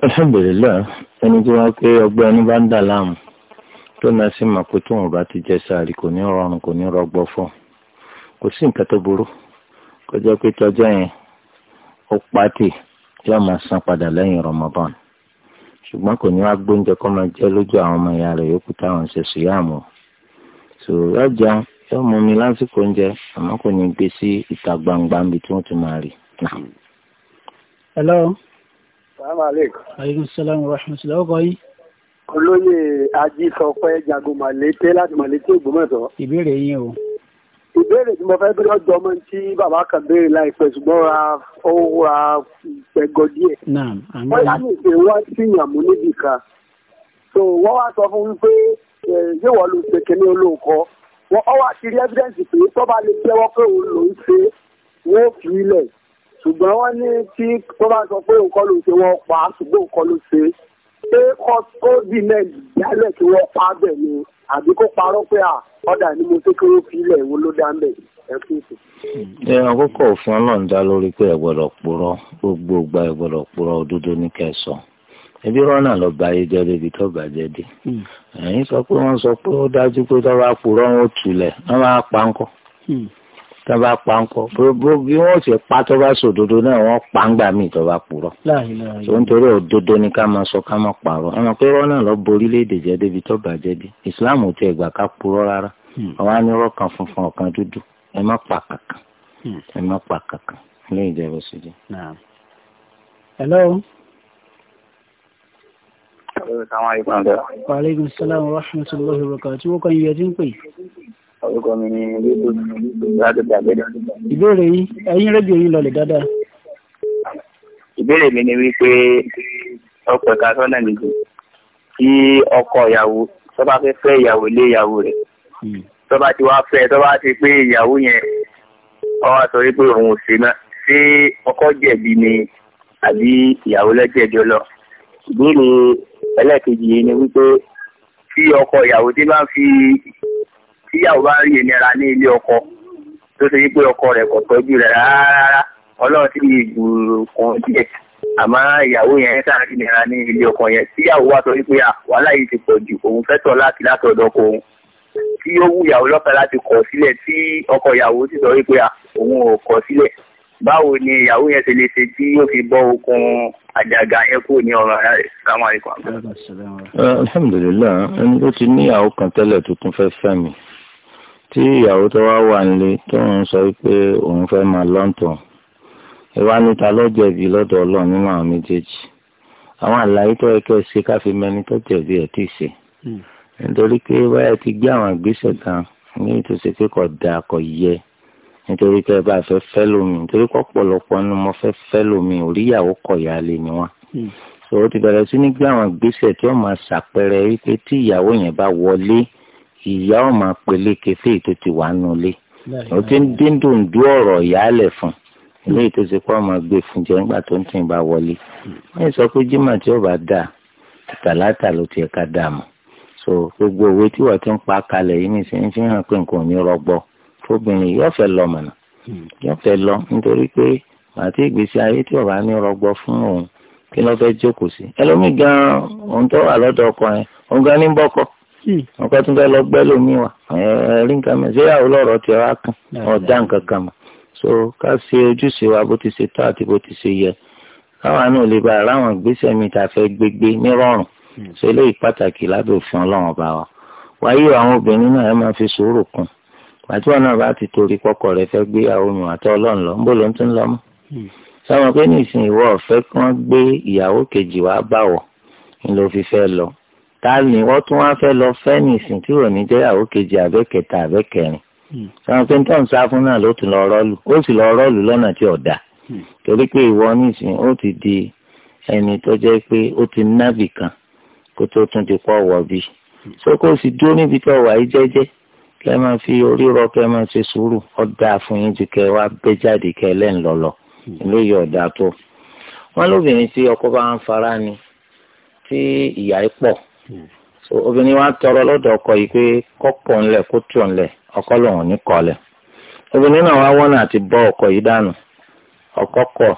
alhamdulilayi ẹni tí wọn pé ọgbẹ ẹni bá ń dà láàmú tó náà sì mọ̀ pé tóun bá ti jẹ sààrì kò ní rọrùn kò ní rọgbọ fún un kò sí nǹkan tó burú kó jẹ́ pé tọ́jọ́ yẹn ó pàtì yóò máa san padà lẹ́yìn Ramadan ṣùgbọ́n kò ní wá gbóúnjẹ kó máa jẹ lójú àwọn ọmọ ìyá rẹ̀ yòókù táwọn ṣe sùyàmù so yóò jẹun yóò mú mi lásìkò oúnjẹ àmọ́ kò ní gbé sí ìta gbangba níbi tí wọ́n ti máa rí. hello. salaamaleykum. aleykum salaam wa rahmatulah. ọkọ yìí olóyè ajísọpẹ jagun màlété láti màlété Ògbómọ̀ṣọ́. ìbéèrè yín o. ìbéèrè tí mo fẹ́ bí lọ́jọ́ ọmọ tí bàbá kan béèrè láìpẹ́ ṣùgbọ́n ra ó ra gbẹgọ díẹ̀. wọ́n yá ní ìpè wá síyàmú níbì kan. so wọ́n wá sọ fún mi pé yóò wọ́n lu ṣe kínní olóòkọ́. wọ́n ọ wá ti rí ẹ́fídẹ́ǹsì pé tọ́ba lè jẹ́wọ́ pé òun lòún ṣe wọ́n fi ilẹ̀ ṣùgbọ́n wọ́n ní tí tọ́ba sọ pé òun kọ́ ló ṣe wọ́n pa ṣùgbọ́n òun kọ́ ló ṣe pé kọ́sọ́ọ̀dì náà ìyálẹ̀ tí wọ́n pa bẹ̀ ni àbí kó parọ́ pé à ọ̀dà ni mo fẹ́ kí wo ló dá lórí pé ẹ gbọ́dọ̀ gbogbo gba ẹ gbọ́dọ̀ purọ́ òdodo ní bá yé jẹ débi sọ pé wọn sọ pé ó dájú pé bá purọ́ wọn tulẹ̀ tó bá pa ń kọ bí wọn ṣe pa tó bá sòdodo náà wọn pa ń gbà mí tó bá tó ń torí òdodo ni ká máa sọ ká máa ọmọ pé lọ borí léde jẹ débi tó bí islam ò tẹ ìgbà ká purọ́ rárá hmm. àwọn kan funfun ọkan dúdú ẹ pa kankan hmm. ẹ pa kankan hello. wa wa rahmatulahi wa orúkọ mi ni yusuf láti gbàgede. ìbéèrè yìí ẹ̀yin rédíò yìí lọlẹ dáadáa. ìbéèrè mi ni wípé ọkọ ẹka sọnà nìjọ tí ọkọ ìyàwó tó bá fẹ́ fẹ́ ìyàwó lé ìyàwó rẹ̀ hmm. tó bá ti wá fẹ́ tó bá ti pé ìyàwó yẹn ọwọ́ sọ wípé òun ò sí náà ṣé ọkọ jẹ̀bi ni àbí ìyàwó lẹ́jẹ̀bi ọlọ ìbéèrè ẹlẹ́ẹ̀kejì yìí ni wípé tí ọkọ ìyàwó tí bá fi tíyàwó bá rí ìnira ní ilé ọkọ tó ṣe wípé ọkọ rẹ̀ kò tọ́jú rẹ̀ rárá ọlọ́run ti gbòòrò kan díẹ̀ àmọ́ ìyàwó yẹn sáà ti nira ní ilé ọkọ yẹn tíyàwó wá sọ wípé wàhálà yìí ti pọ̀ jù òun fẹ́ tọ̀ láti látọ̀dọ̀ ọkọ òun tí ó wù ìyàwó lọ́fẹ̀ẹ́ láti kọ̀ sílẹ̀ tí ọkọ ìyàwó sì sọ wípé òun ò kọ̀ sílẹ̀ báwo ni ìyàwó yẹn ṣe lè ṣe tí yóò fi bọ́ okun àjàgà yẹn kúrò ní ọ̀rọ̀ ara rẹ̀ sáwọn àríkọ. alhamdulilayi ẹni tó ti níyàwó kan tẹ́lẹ̀ tuntun fẹ́ fẹ́ mi tí ìyàwó tó wá wà nílé tó ń sọ pé òun fẹ́ máa lọ́ǹtàn ìwà níta lọ́jẹ̀bi lọ́dọ̀ ọlọ́run nínú àwọn méjèèjì àwọn àlàyé tó yẹ kẹ́ ẹ ṣe káfí mẹ́ni tó jẹ̀bi ẹ̀ tí ì ṣe hmm. nítorí pé báyà ti gbé àwọn ìgbésẹ̀ kan ní ìtòsí pé kò dáa kò yẹ nítorí pé ẹ bá fẹ́ fẹ́ lómi nítorí pé ọ̀pọ̀lọpọ̀ ni mo fẹ́ fẹ́ lómi òríyàwó kọ̀yálé ni wọ́n hmm. sọ̀rọ̀ ti bẹ̀rẹ̀ sí ní gbé àwọn ìgbésẹ̀ tí wọ́n máa ṣàpẹẹrẹ wípé tí ìyàwó yẹn bá wọlé ìyá ọmọ peléke sí ètò ti wà nù lé ó ti ń dídùn dú ọ̀rọ̀ ìyáálẹ̀ fún ilé ètò ti kọ́ ọmọ gbé fún jẹ́ nígbà tó ń tì bá wọlé wọ́n sọ pé jimá tí ó bá dà tàlátà ló ti ẹ̀ka dà mọ́ so gbogbo òwe tí wọ́n ti ń pa kalẹ̀ yìí nìsín fi hàn pé nǹkan ò ní rọgbọ fóbìnrin yóò fẹ́ lọ mọ̀nà hmm. yóò fẹ́ lọ nítorí pé màtí ìgbésí ayé tí ọba ní rọgbọ fún òun kí ló fẹ́ jókòó sí ẹlòmíì gan ohun tó wà lọ́dọ̀ ọkọ yẹn òun gan ní bọ́kọ nǹkan tó ń bẹ lọ gbẹ́ lómi wà rí nǹkan mọ̀ síyàwó lọ́rọ̀ tí wàá kàn ọ̀dà nǹkan kan mọ̀ so ká ṣe ojúṣe wa bó ti ṣe tọ́ àti bó ti ṣe yẹ káwa náà lè bá ráwọn ìgbésẹ̀ mi tà fẹ́ gbégbé nírọ̀rùn ṣe hmm. eléyìí pàtàkì lábẹ́ òfin ọlọ́run ọba wa wáyé àwọn obìnrin náà ẹ máa fi sùúrù kún àti wọn náà bá ti torí kọkọ rẹ fẹ́ gbé àwọn omi àti ọlọ́run lọ ń bò ló ń tún lọ mọ́ sọmọ hmm. pé ní ìsìn ìwọ ọ̀fẹ́ kí wọ́n gbé ìyàwó kejì wá báwọ̀ ń fífẹ́ lọ ta ni wọ́n tún wá fẹ́ lọ fẹ́ nìsín tí ò ní jẹ́yàwó kejì àbẹ́kẹta àbẹ́kẹrin sọ̀rọ̀ hmm. pé tó ń sá fún náà ló ti lọ rọ́ọ̀lù ó sì lọ rọ́ọ̀lù lọ́nà tí ò dáa hmm. torí pé ìwọ nìsín ó ti di ẹni tó jẹ́ pé ó ti nábì kan kó tó tún ti pọ̀ wọ̀ bí hmm. so kó o sì dúró níbi tó wà yí jẹ́jẹ́ kẹ́ ẹ máa fi orí rọ kẹ́ ẹ máa ṣe sùúrù ó fún yín ju kẹ́ ẹ wá gbé jáde kẹ́ ẹ lẹ́nu lọ́lọ́ ló yọ ọ̀dà tó wọ́n lóbìnrin tí ọkọ bá ń fara ni tí ìyá pọ̀ Hmm. so obìnrin wa tọrọ lọ́dọ̀ ọkọ yìí pé kọ́kọ́ ńlẹ̀ kó tù ńlẹ̀ ọkọ lòun ní kọ́lẹ̀ obìnrin náà wá wọ́nà àti bọ́ ọkọ yìí dànù ọkọ kọ̀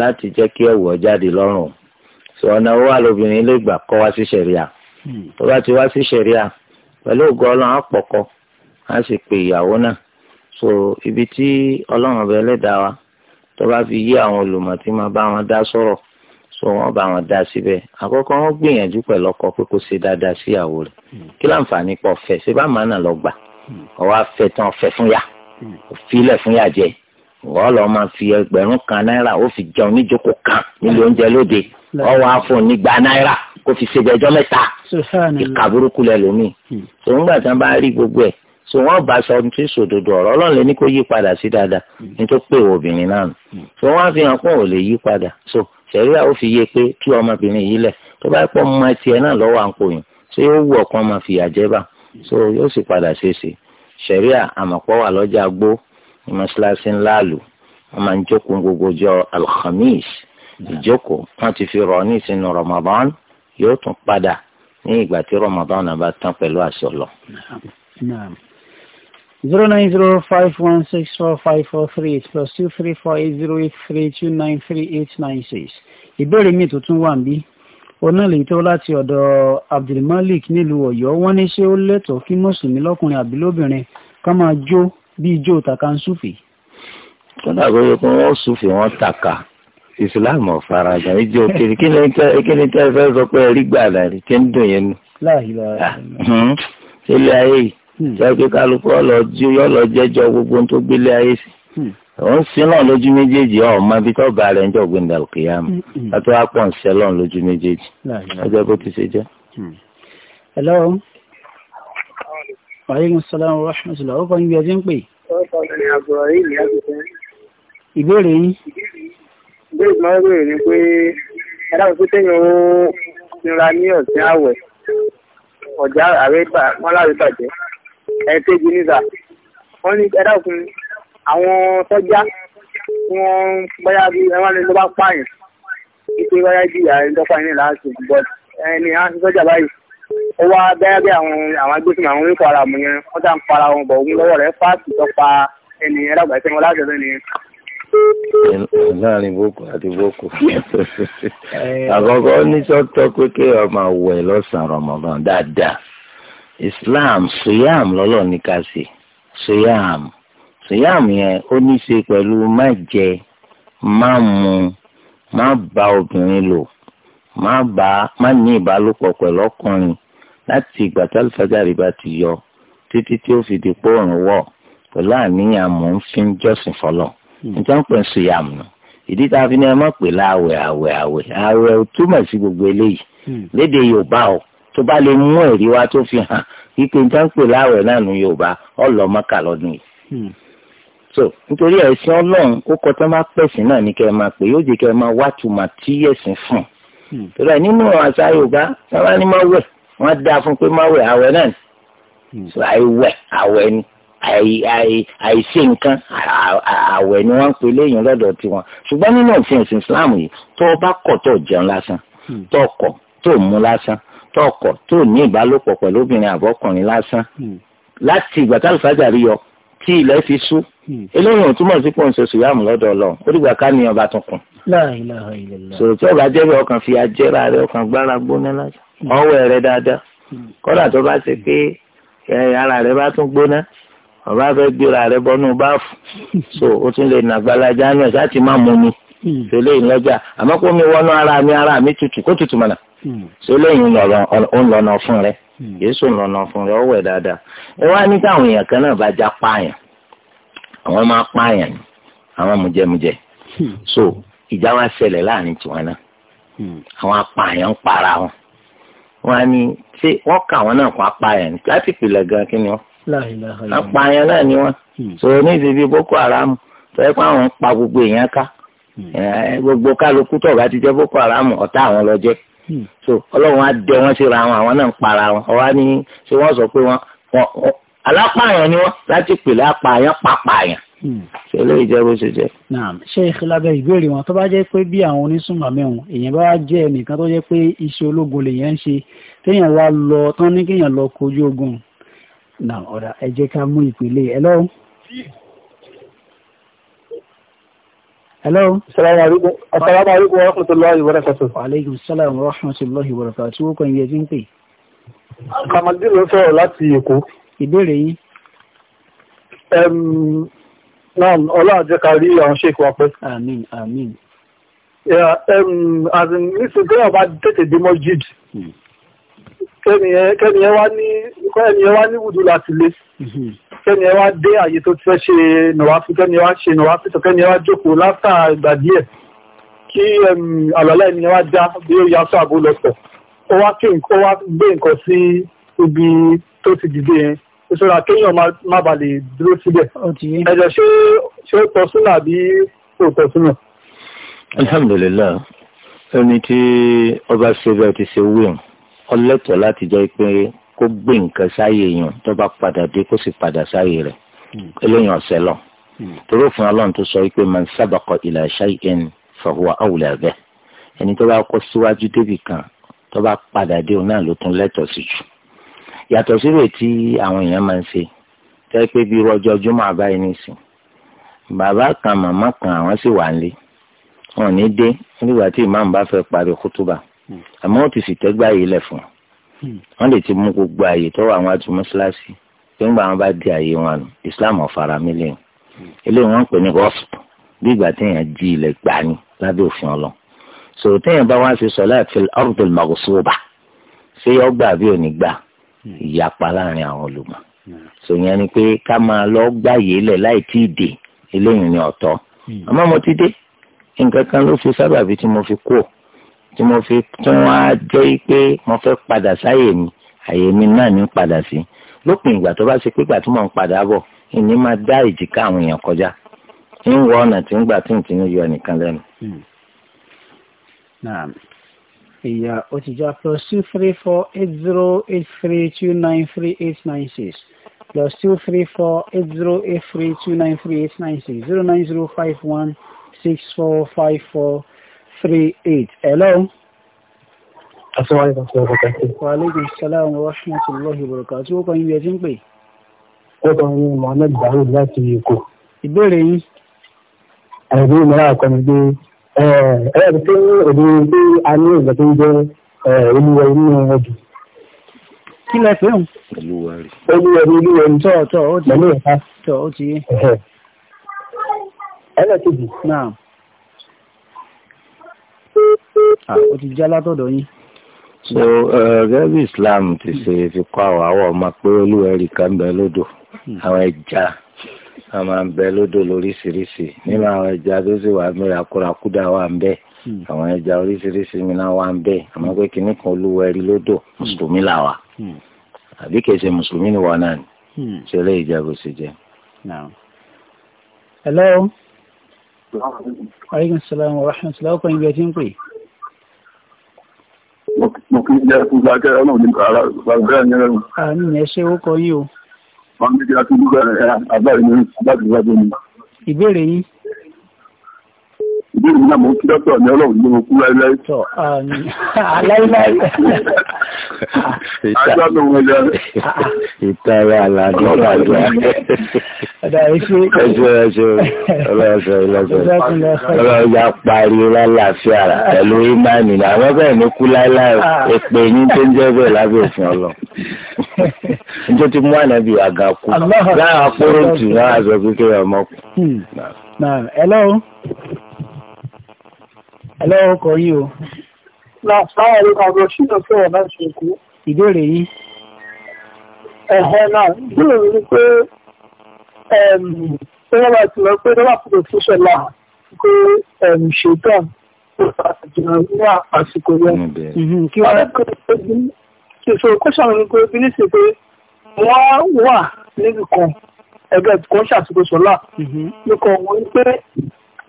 láti jẹ́ kí ẹ̀wù jáde lọ́rùn so ọ̀nà owó àlòbìnrin lè gbà kọ́ wá sí ṣẹ̀ríà hmm. tó bá ti wá sí ṣẹ̀ríà pẹ̀lú ògo ọlọ́run àpọ̀kọ á sì pè ìyàwó náà so ibi tí ọlọ́run ọbẹ̀ ẹlẹ́dàá wa tó bá fi yí àwọn olùmọ̀ tí máa bá wọn dá sọ̀rọ̀ so wọ́n bá wọn dá síbẹ̀ àkọ́kọ́ wọ́n gbìyànjú pẹ̀lú ọkọ pé kó ṣe dáadáa sí ìyàwó rẹ̀ hmm. kí láǹfààní pọ̀ fẹ́ ṣe bá màánà lọ gbà ọwọ́ hmm. afẹ́ tán fẹ́ fún yà hmm. fílẹ̀ fún yà jẹ wọ́n lọ máa fi ẹgbẹ̀rún kan náírà ó fi jẹun níjókòó kan nílé oúnjẹ lóde ọwọ́ afún nígbà náírà kó fi ṣe jẹjọ́ mẹ́ta ìka burúkú lẹ lómi so ńgbà tán bá rí gbogbo ẹ̀ so wọ́n bá sọ ní sòdodo ọ̀rọ̀ Ọlọ́run lè ní kó yí padà sí dáadáa ní tó pè obìnrin náà so wọ́n fi hàn pé òun lè yí padà so sẹ̀ríà ó fi yé pé tú ọmọbìnrin yìí lẹ̀ tó bá pọ̀ mọ tiẹ̀ náà lọ́wọ́ à ń pòyàn ṣé yóò wù ọ̀kan máa fìyà jẹ́ bá so yóò sì padà ṣe é ṣe sẹ̀ríà àmọ̀pọ̀ wà lọ́jà gbó mọ́ṣáláṣí ńlá lù wọ́n máa ń jókòó gbogbo jọ alhamis ìjókòó wọ́n ti fi rọ̀ ní ìsinú Ramadan yóò tún padà ní ìgbà tí Ramadan náà bá tán pẹ̀lú àṣọ lọ zero nine zero five one six four five four three eight plus two three four eight zero eight three two nine three eight nine six ìbéèrè mi tuntun wà ń bí oná lè tó láti ọ̀dọ̀ Abdulmalik nílùú Ọ̀yọ́ wọ́n ní ṣé ó lẹ́tọ̀ọ́ kí mùsùlùmí lọ́kùnrin àbí lóbìnrin ká máa jó bí ijó tàka ń súfì. kódà kó yẹ kó wọ́n súfì wọ́n tàka Islam ọ̀farajọ ijó kiri kí ni tẹ́ ẹ fẹ́ sọ pé ẹ rí gbàdá rí kí ń dùn yẹn nù. láàyè láàyè. ilé ayé yìí jáde hmm. kálukú ọlọ́jú yọ̀lọ́ jẹ́jọ́ gbogbo tó gbélé ayé sí hmm. òun sílọ̀ lójú méjèèjì ọ̀ma bí tó bá rẹ̀ hmm, ń jọ gbé ndàlùkìyàm látọ́ àpọ̀ ń sẹ́lọ̀ lójú méjèèjì ọjọ́ bó ti ṣe jẹ́. hello waaleykum salaam wa rahmatulah ó kàn ń gbé ẹjẹ ń pè. ìbéèrè yín. ìbéèrè tí wọ́n béèrè ni pé adáwọ̀ tó tẹ̀yìn ó nira ní ọ̀sìn àwẹ̀ ọ̀jà àrẹ́bà wọn láre bàjẹ́ ẹ̀ẹ́kejì níta wọ́n ní ẹ̀dá òkun àwọn sọ́jà wọ́n báyà bí ẹ̀wọ̀n ni ló bá pààyàn wípé báyà bí ààrẹ tó pààyàn nílà àti bọ́t ẹni àwọn sọ́jà báyìí ó wá bẹ́ẹ̀ bí àwọn àwọn agbésùn àwọn oníkọ̀ ara mu yẹn wọ́n tá ń para wọn bọ̀ ogun lọ́wọ́ rẹ̀ fáàtì tó pa ẹni ẹ̀dá òkun àti ẹ̀wọ̀n láti ọ̀dọ́ nìyẹn láàrin boko àti boko àkọ́kọ́ ní sọ́tọ̀ pé kí ọmọ wẹ̀ lọ́sàn-án rọmọdán dáadáa islam suyam lọ́lọ́ ní ká ṣe suyam suyam yẹn ó ní í ṣe pẹ̀lú má jẹ má mu má bá obìnrin lò má bá má ní ìbálòpọ̀ pẹ̀lú ọkùnrin láti ìgbà tí alifájàre bá ti yọ títí tí ó fi di pòrùn wọ̀ pẹ̀lú àníyàn mò ń fi ń jọ́sìn fọlọ́ hmm. níta ń pè ń suyam nù ìdí tá a fi ní ẹ má pè láàwẹ̀ àwẹ̀ àwẹ̀ àwẹ̀ ò túmọ̀ sí gbogbo eléyìí hmm. léde Yorùbá o tó bá lè mú ẹ̀rí wá tó fi hàn wípé níta ń pè láwẹ̀ náà nu yorùbá ọlọ mọ́kà lọ́dún yìí. Hmm. so nítorí ẹ̀sìn ọlọ́run ó kọ tó máa pẹ̀sìn náà ní kẹ́ ẹ máa pè yóò jẹ́ kẹ́ ẹ máa wá tùmọ̀ tí ẹ̀sìn fún un. Hmm. torí ẹ nínú àṣà yorùbá sábà ní máa wẹ̀ wọ́n dá fún pé máa wẹ̀ àwẹ̀ náà ni. Hmm. so àìwẹ̀ àwẹ̀ ni àìṣe nǹkan àwẹ̀ ni wọ́n ń pè léyìn lọ́dọ̀ tiwọn ṣùgbọ́n nínú òfin ẹ̀sìn tọkọ tó ní ìbálòpọ̀ pẹ̀lú obìnrin àbọ̀kùnrin lásán hmm. láti ìgbà tá àlùfáàjà rí yọ tí ilẹ̀ fi ṣú hmm. eléyìí ò túmọ̀ sí pé òun ṣe sùyàmù lọ́dọ̀ ọlọ́run ó dìgbà ká ní ọba tuntun. sọ̀rọ̀ tí ọba jẹ́ bí ọkàn fi ajẹ́ra rẹ ọkàn gbára gbóná lásán hmm. ọwọ́ rẹ dáadáa kọ́dà tó bá ṣe pé ara rẹ bá tún gbóná ọba fẹ́ gbéra rẹ bọ́nú báfù so ó tún lè nàgbàlájà náà láti má mú mi tẹ́lẹ̀ ìlọ́jà àmọ́ kó mi wọnú ara mi ara mi tutù kó tutù mọ̀nà ṣé hmm. lẹ́yìn ó ń lọ́nà fún rẹ yéésù hmm. ń lọ́nà fún rẹ ó wẹ̀ dáadáa ẹ wá ní káwọn èèyàn kan náà bá já pààyàn àwọn máa pààyàn ni àwọn mujẹmujẹ hmm. so ìjà wa ṣẹlẹ̀ láàrin tiwọn náà àwọn apààyàn ń para wọn wọn á ní ṣé wọn kà wọn náà kó apààyàn ni láti pìlẹ̀ gan kí ni wọn apààyàn náà ni wọn sọ̀rọ̀ ní ìdíbi boko haram tọ́yẹ́ pé àwọn ń pa gbogbo èèyàn ká gbogbo kálukú tọ̀gá ti jẹ́ boko haram ọ̀tá àwọn lọ jẹ́ Hmm. so ọlọ́run á dẹ wọn síra wọn àwọn náà ń para wọn ọwọ́ á ní ṣé wọ́n sọ pé wọ́n alápààyàn ni wọ́n láti pèlè apààyàn pàpààyàn ṣe hmm. lè jẹ́ bó ṣe jẹ́. ṣé ìfìlàbẹ ìbéèrè wọn tó bá jẹ́ pé bí àwọn onísùnmọ̀ mẹ́wọ̀n èèyàn bá jẹ́ ẹnìkan tó jẹ́ pé iṣẹ́ ológun lèèyàn ń ṣe téèyàn wá lọ tán ní kéèyàn lọ kojú ogun náà ọ̀dà ẹ jẹ́ ká mú ìpele hello. asalaamu aleykum asalaamu aleykum wa rahmatulahi wa barakatu. wa aleykum salaam wa rahmatulahi wa barakatu. o kàn yẹ kí n pè. kamadin ló sọ̀rọ̀ láti èkó. ìbéèrè yín. náà ọlọ́run jẹ́ ká rí àwọn ṣèkú wa pẹ́. àmín àmín. nísìnyí kéèyàn bá tètè dé mọ́ jíìd hmm. kẹ́niyẹn wá ní wùdú láti lé. Mm-hmm. kẹ́ni ẹ wá dé àyè tó ti fẹ́ ṣe nọ̀wáfí kẹ́ni ẹ wá ṣe nọ̀wáfí tó kẹ́ni ẹ wá jókòó látà ìgbà díẹ̀ kí àlọ́lá ẹni ẹ wá já bí ó yasọ́ àbó lọ́sọ̀ ó wá kí ó wá gbé nǹkan sí ibi tó ti dìde yẹn ìṣọ́ra kéèyàn má bà lè dúró síbẹ̀ ẹ̀jẹ̀ ṣé ó tọ́ súnà àbí kò tọ́ súnà. alhamdulilayi ẹni tí ọba ṣe bẹ́ẹ̀ ti ṣe wíwọ̀n ọlẹ́tọ̀ọ́ láti jẹ́ pé kó gbé nǹkan sáyé yẹn tó bá padà dé kó sì padà sáyé rẹ̀ hmm. eléyìí ọ̀sẹ̀ lọ. Hmm. torí òfin ọlọ́run tó sọ wípé man sabaqa ila shay'in fahuwa awla bih ẹni tó bá kọ́ síwájú débì kan tó bá padà dé òun náà ló tún lẹ́tọ̀ọ́ sí jù. yàtọ̀ síbẹ̀ tí àwọn èèyàn máa ń ṣe tẹ́ pé bí rọjò júmọ̀ àbáyé nìsín bàbá kan màmá kan àwọn sì wà nílé wọn ò ní dé nígbà tí ìmáàmù bá fẹ́ parí kútúbà hmm. àmọ́ ó ti sì tẹ́gbà yìí lẹ̀ fún wọn wọ́n lè ti mú gbogbo ààyè tó wà àwọn àti mọ́ṣáláṣí tí ń gba àwọn bá di ààyè wọn nù islam ọ̀fara mílíọ̀n eléyìí wọ́n ń pè ní gọ́ọ̀sìp bí ìgbà téèyàn jí ilẹ̀ gbà ní lábẹ́ òfin ọlọ́ so téèyàn bá wá ṣe sọ láàfin ọ̀rùdùn màgòsóbà ṣé yọ gbà bí òní gbà ìyapa láàrin àwọn olùmọ̀ so yẹn ni pé ká máa lọ gbàyè lẹ̀ láì tí ì dé eléyìí ni ọ̀tọ̀ àmọ́ mo ti dé nǹkan kan ló fi sábàbí tí mo fi kú tí mo fi tún wá jẹ́ pé mo fẹ́ padà sáyè mi àyè mi náà ní padà sí lópin ìgbà tó bá ṣe pé ìgbà tí mò ń padà bọ̀ ìní máa dá ìjìká àwọn èèyàn kọjá ń wọ ọ̀nà tí ń gbà tí ń yọ nìkan lẹ́nu. Hmm. ìyá òtìjà plus two three four eight zero eight three two nine three eight nine six plus two three four eight zero eight three two nine three eight nine six zero nine zero five one six four five four three eight hello. asalaamualeykum wa rahmatulahi. wa aleykum ó kàn yín bí ń pè. ó kàn yín Mohammed Dawud láti Èkó. ìbéèrè yín. àìní ìmọ̀ràn àkọ́ni pé ẹ̀rọ tí òde pé a ní ìgbà tó ń jẹ́ olúwa inú ọdún. Ah, ó ti já látọ̀dọ̀ yín. so uh, gẹ́gẹ́ bí Islam ti ṣe fi kọ́ àwọn àwọn ọmọ pé olúwẹ̀rí kan bẹ lódò hmm. àwọn ẹja a máa ń bẹ lódò lóríṣiríṣi nínú àwọn ẹja tó sì wà mẹ́ra kúrakúdà wà ń bẹ hmm. àwọn ẹja oríṣiríṣi mìíràn wà ń bẹ àmọ́ pé kínní kan olúwẹ̀rí lódò hmm. mùsùlùmí là wà àbí kìí ṣe mùsùlùmí ni wọn náà ni ṣe lè jẹ bó ṣe jẹ. hello. aleykum salaam wa rahmatulah ọkọ ibi ti ń pè mo kí jẹ́ fún sákẹ́ ọlọ́run nípa ara bàbá yẹn lẹ́nu. àmì ẹ ṣe ó kọ yìí o. wọn ní kí a tún dúpẹ́ àbá ìlú àbá ìlú ìbéèrè yín bí ìrìnà mọ̀ kí dọ́tọ̀ ní ọlọ́run ní mo kú láíláí. Um, ìtara àlàdé àgbà. ẹjọ́ ẹjọ́ ọlọ́ọ̀sọ ìlọ́sọ parí lálàáfíà pẹ̀lú ìmáàmì náà àwọn bẹ́ẹ̀ ní kú láíláí ah. èpè yín tó ń jẹ́ bẹ́ẹ̀ lábẹ́ òfin ọlọ́ njẹ́ ti mú ànábì àgà kú láàrín apóròtù náà àzọ kékeré ọmọ kù. Hello ẹlọ́wọ́ kọ yí o. ìbéèrè yìí. ẹ̀hẹ́ náà ìbéèrè mi ni pé ṣé wọ́n bá ti lọ pé wọ́n bá fi lè fún ṣẹlá pé ṣètàn ìjìnà àsìkò yẹn. Mhm, kí wọ́n ṣe ṣe kọ́ṣà mi pé bí ní ṣe pé wọ́n wà níbi kan ẹgbẹ́ kan ṣàtúnṣe ṣọlá nípa òun pé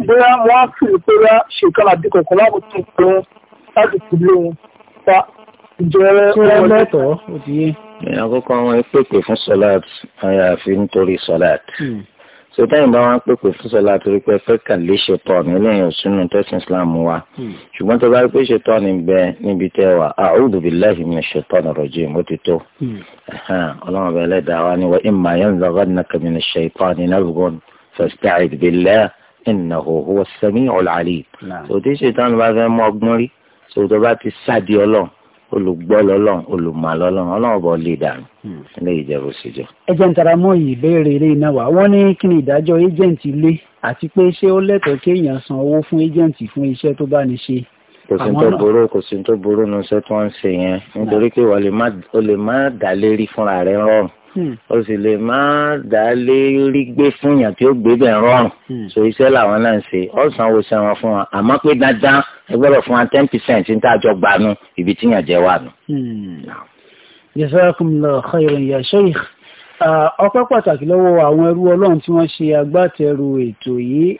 bóyá wọ́n á fi ìpẹ́yà ṣèkan àbí kọ̀ọ̀kan láàbò tó ń pè wọ́n láti ìdílé wọn fa ìjẹrẹ ọlọ́tọ̀ọ́ òdì yé. ìyá àkọ́kọ́ àwọn ìpèpè fún sọláàt àyàfi nítorí sọláàt hmm. sọtẹ́yìn bá wọn pèpè fún sọláàt torí pé fẹ́ kàn lè ṣe tọ́ ní lẹ́yìn òsínú tẹ́sán islam wa hmm. ṣùgbọ́n tó bá rí pé ṣe tọ́ ní bẹ níbi tẹ́ wa a'udhu billahi minash shaitanir rajim mo ti tó hmm. ọlọ́run bẹ̀rẹ̀ dáwà ni wa imma yanzaghannaka minash shaitani nazghun fasta'id billah innahu huwa as-sami'ul 'alim. sòtí ṣètọ́nù bá fẹ́ mú ọgbọ́n rí sòtò bá ti sáàdì ọlọ́run olùgbọ́ lọ́lọ́run olùmọ̀ lọ́lọ́run ọlọ́run bọ̀ lè dànù ilé ìjẹ̀bù síjọ. ẹ jẹ́ ń tara mọ́ yìí ìbéèrè ilé iná wa wọ́n ní kí ni ìdájọ́ éjẹ̀ǹtì ilé àti pé ṣé ó lẹ́tọ̀ọ́ kéèyàn san owó fún éjẹ̀ǹtì fún iṣẹ́ tó bá ní ṣe. kò sí tó burú kò sí tó burú nu iṣẹ́ tó ń ṣe yẹn nítorí pé o lè má dá fúnra rẹ̀ rọrùn Hmm. o sì lè má dá lé rí gbé fún yàn tí ó gbé bẹ̀ rọrùn hmm. so iṣẹ́ làwọn náà ń ṣe ọ̀sán wo ṣe wọn fún wa àmọ́ pé dandan ẹ gbọ́dọ̀ fún wa ten percent ní tá a jọ gbanú ibi tí yàn jẹ́ wà nù. Hmm. jazakumullahu khairan ya sheikh ọpẹ́ pàtàkì lọ́wọ́ àwọn ẹrú ọlọ́run tí wọ́n ṣe agbátẹrù ètò yìí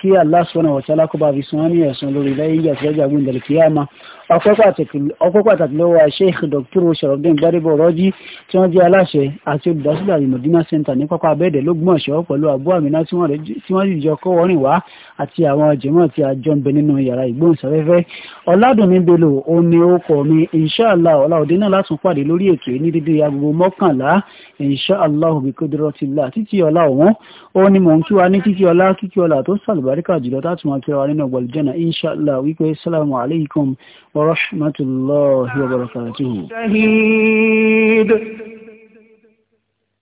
kí Allah subhanahu wa ta'ala kó fi san án ní ẹ̀san lórí lẹ́yìn ìgbà tí wọ́n jagun ìdẹ̀lẹ̀ kíyàmá ọpẹ́ pàtàkì lọ́wọ́ sheikh dr sharafdin gbadebo rọ́jí tí wọ́n jẹ́ aláṣẹ àti olùdásílẹ̀ alimọ̀dínà center ní pápá abẹ́ẹ̀dẹ̀ lọ́gbọ̀nsọ̀ pẹ̀lú abu amina tí wọ́n jìjọ kọ́ wọ́rìn wá àti àwọn jẹ̀mọ́ tí a jọ ń bẹ nínú yàrá ìgbóhùnsáfẹ́fẹ́ ọ̀làdùnmí bello òun ni ó kọ̀ mi inṣàlá ọ̀làòdé náà látún pàdé lórí ètò ní dídí agogo mọ́kànlá inṣàlá òbí kódúrọ́tìlá títí ọ̀la òun òun ni mò ń kí wa ní kíkí ọlá kíkí ọlá tó sàlùbáríkà jùlọ tátùmọ̀ kíra wa nínú ọgbọ̀lùjẹ́nà inṣàlá wípé sálámù aláìkùm ورحمة الله وبركاته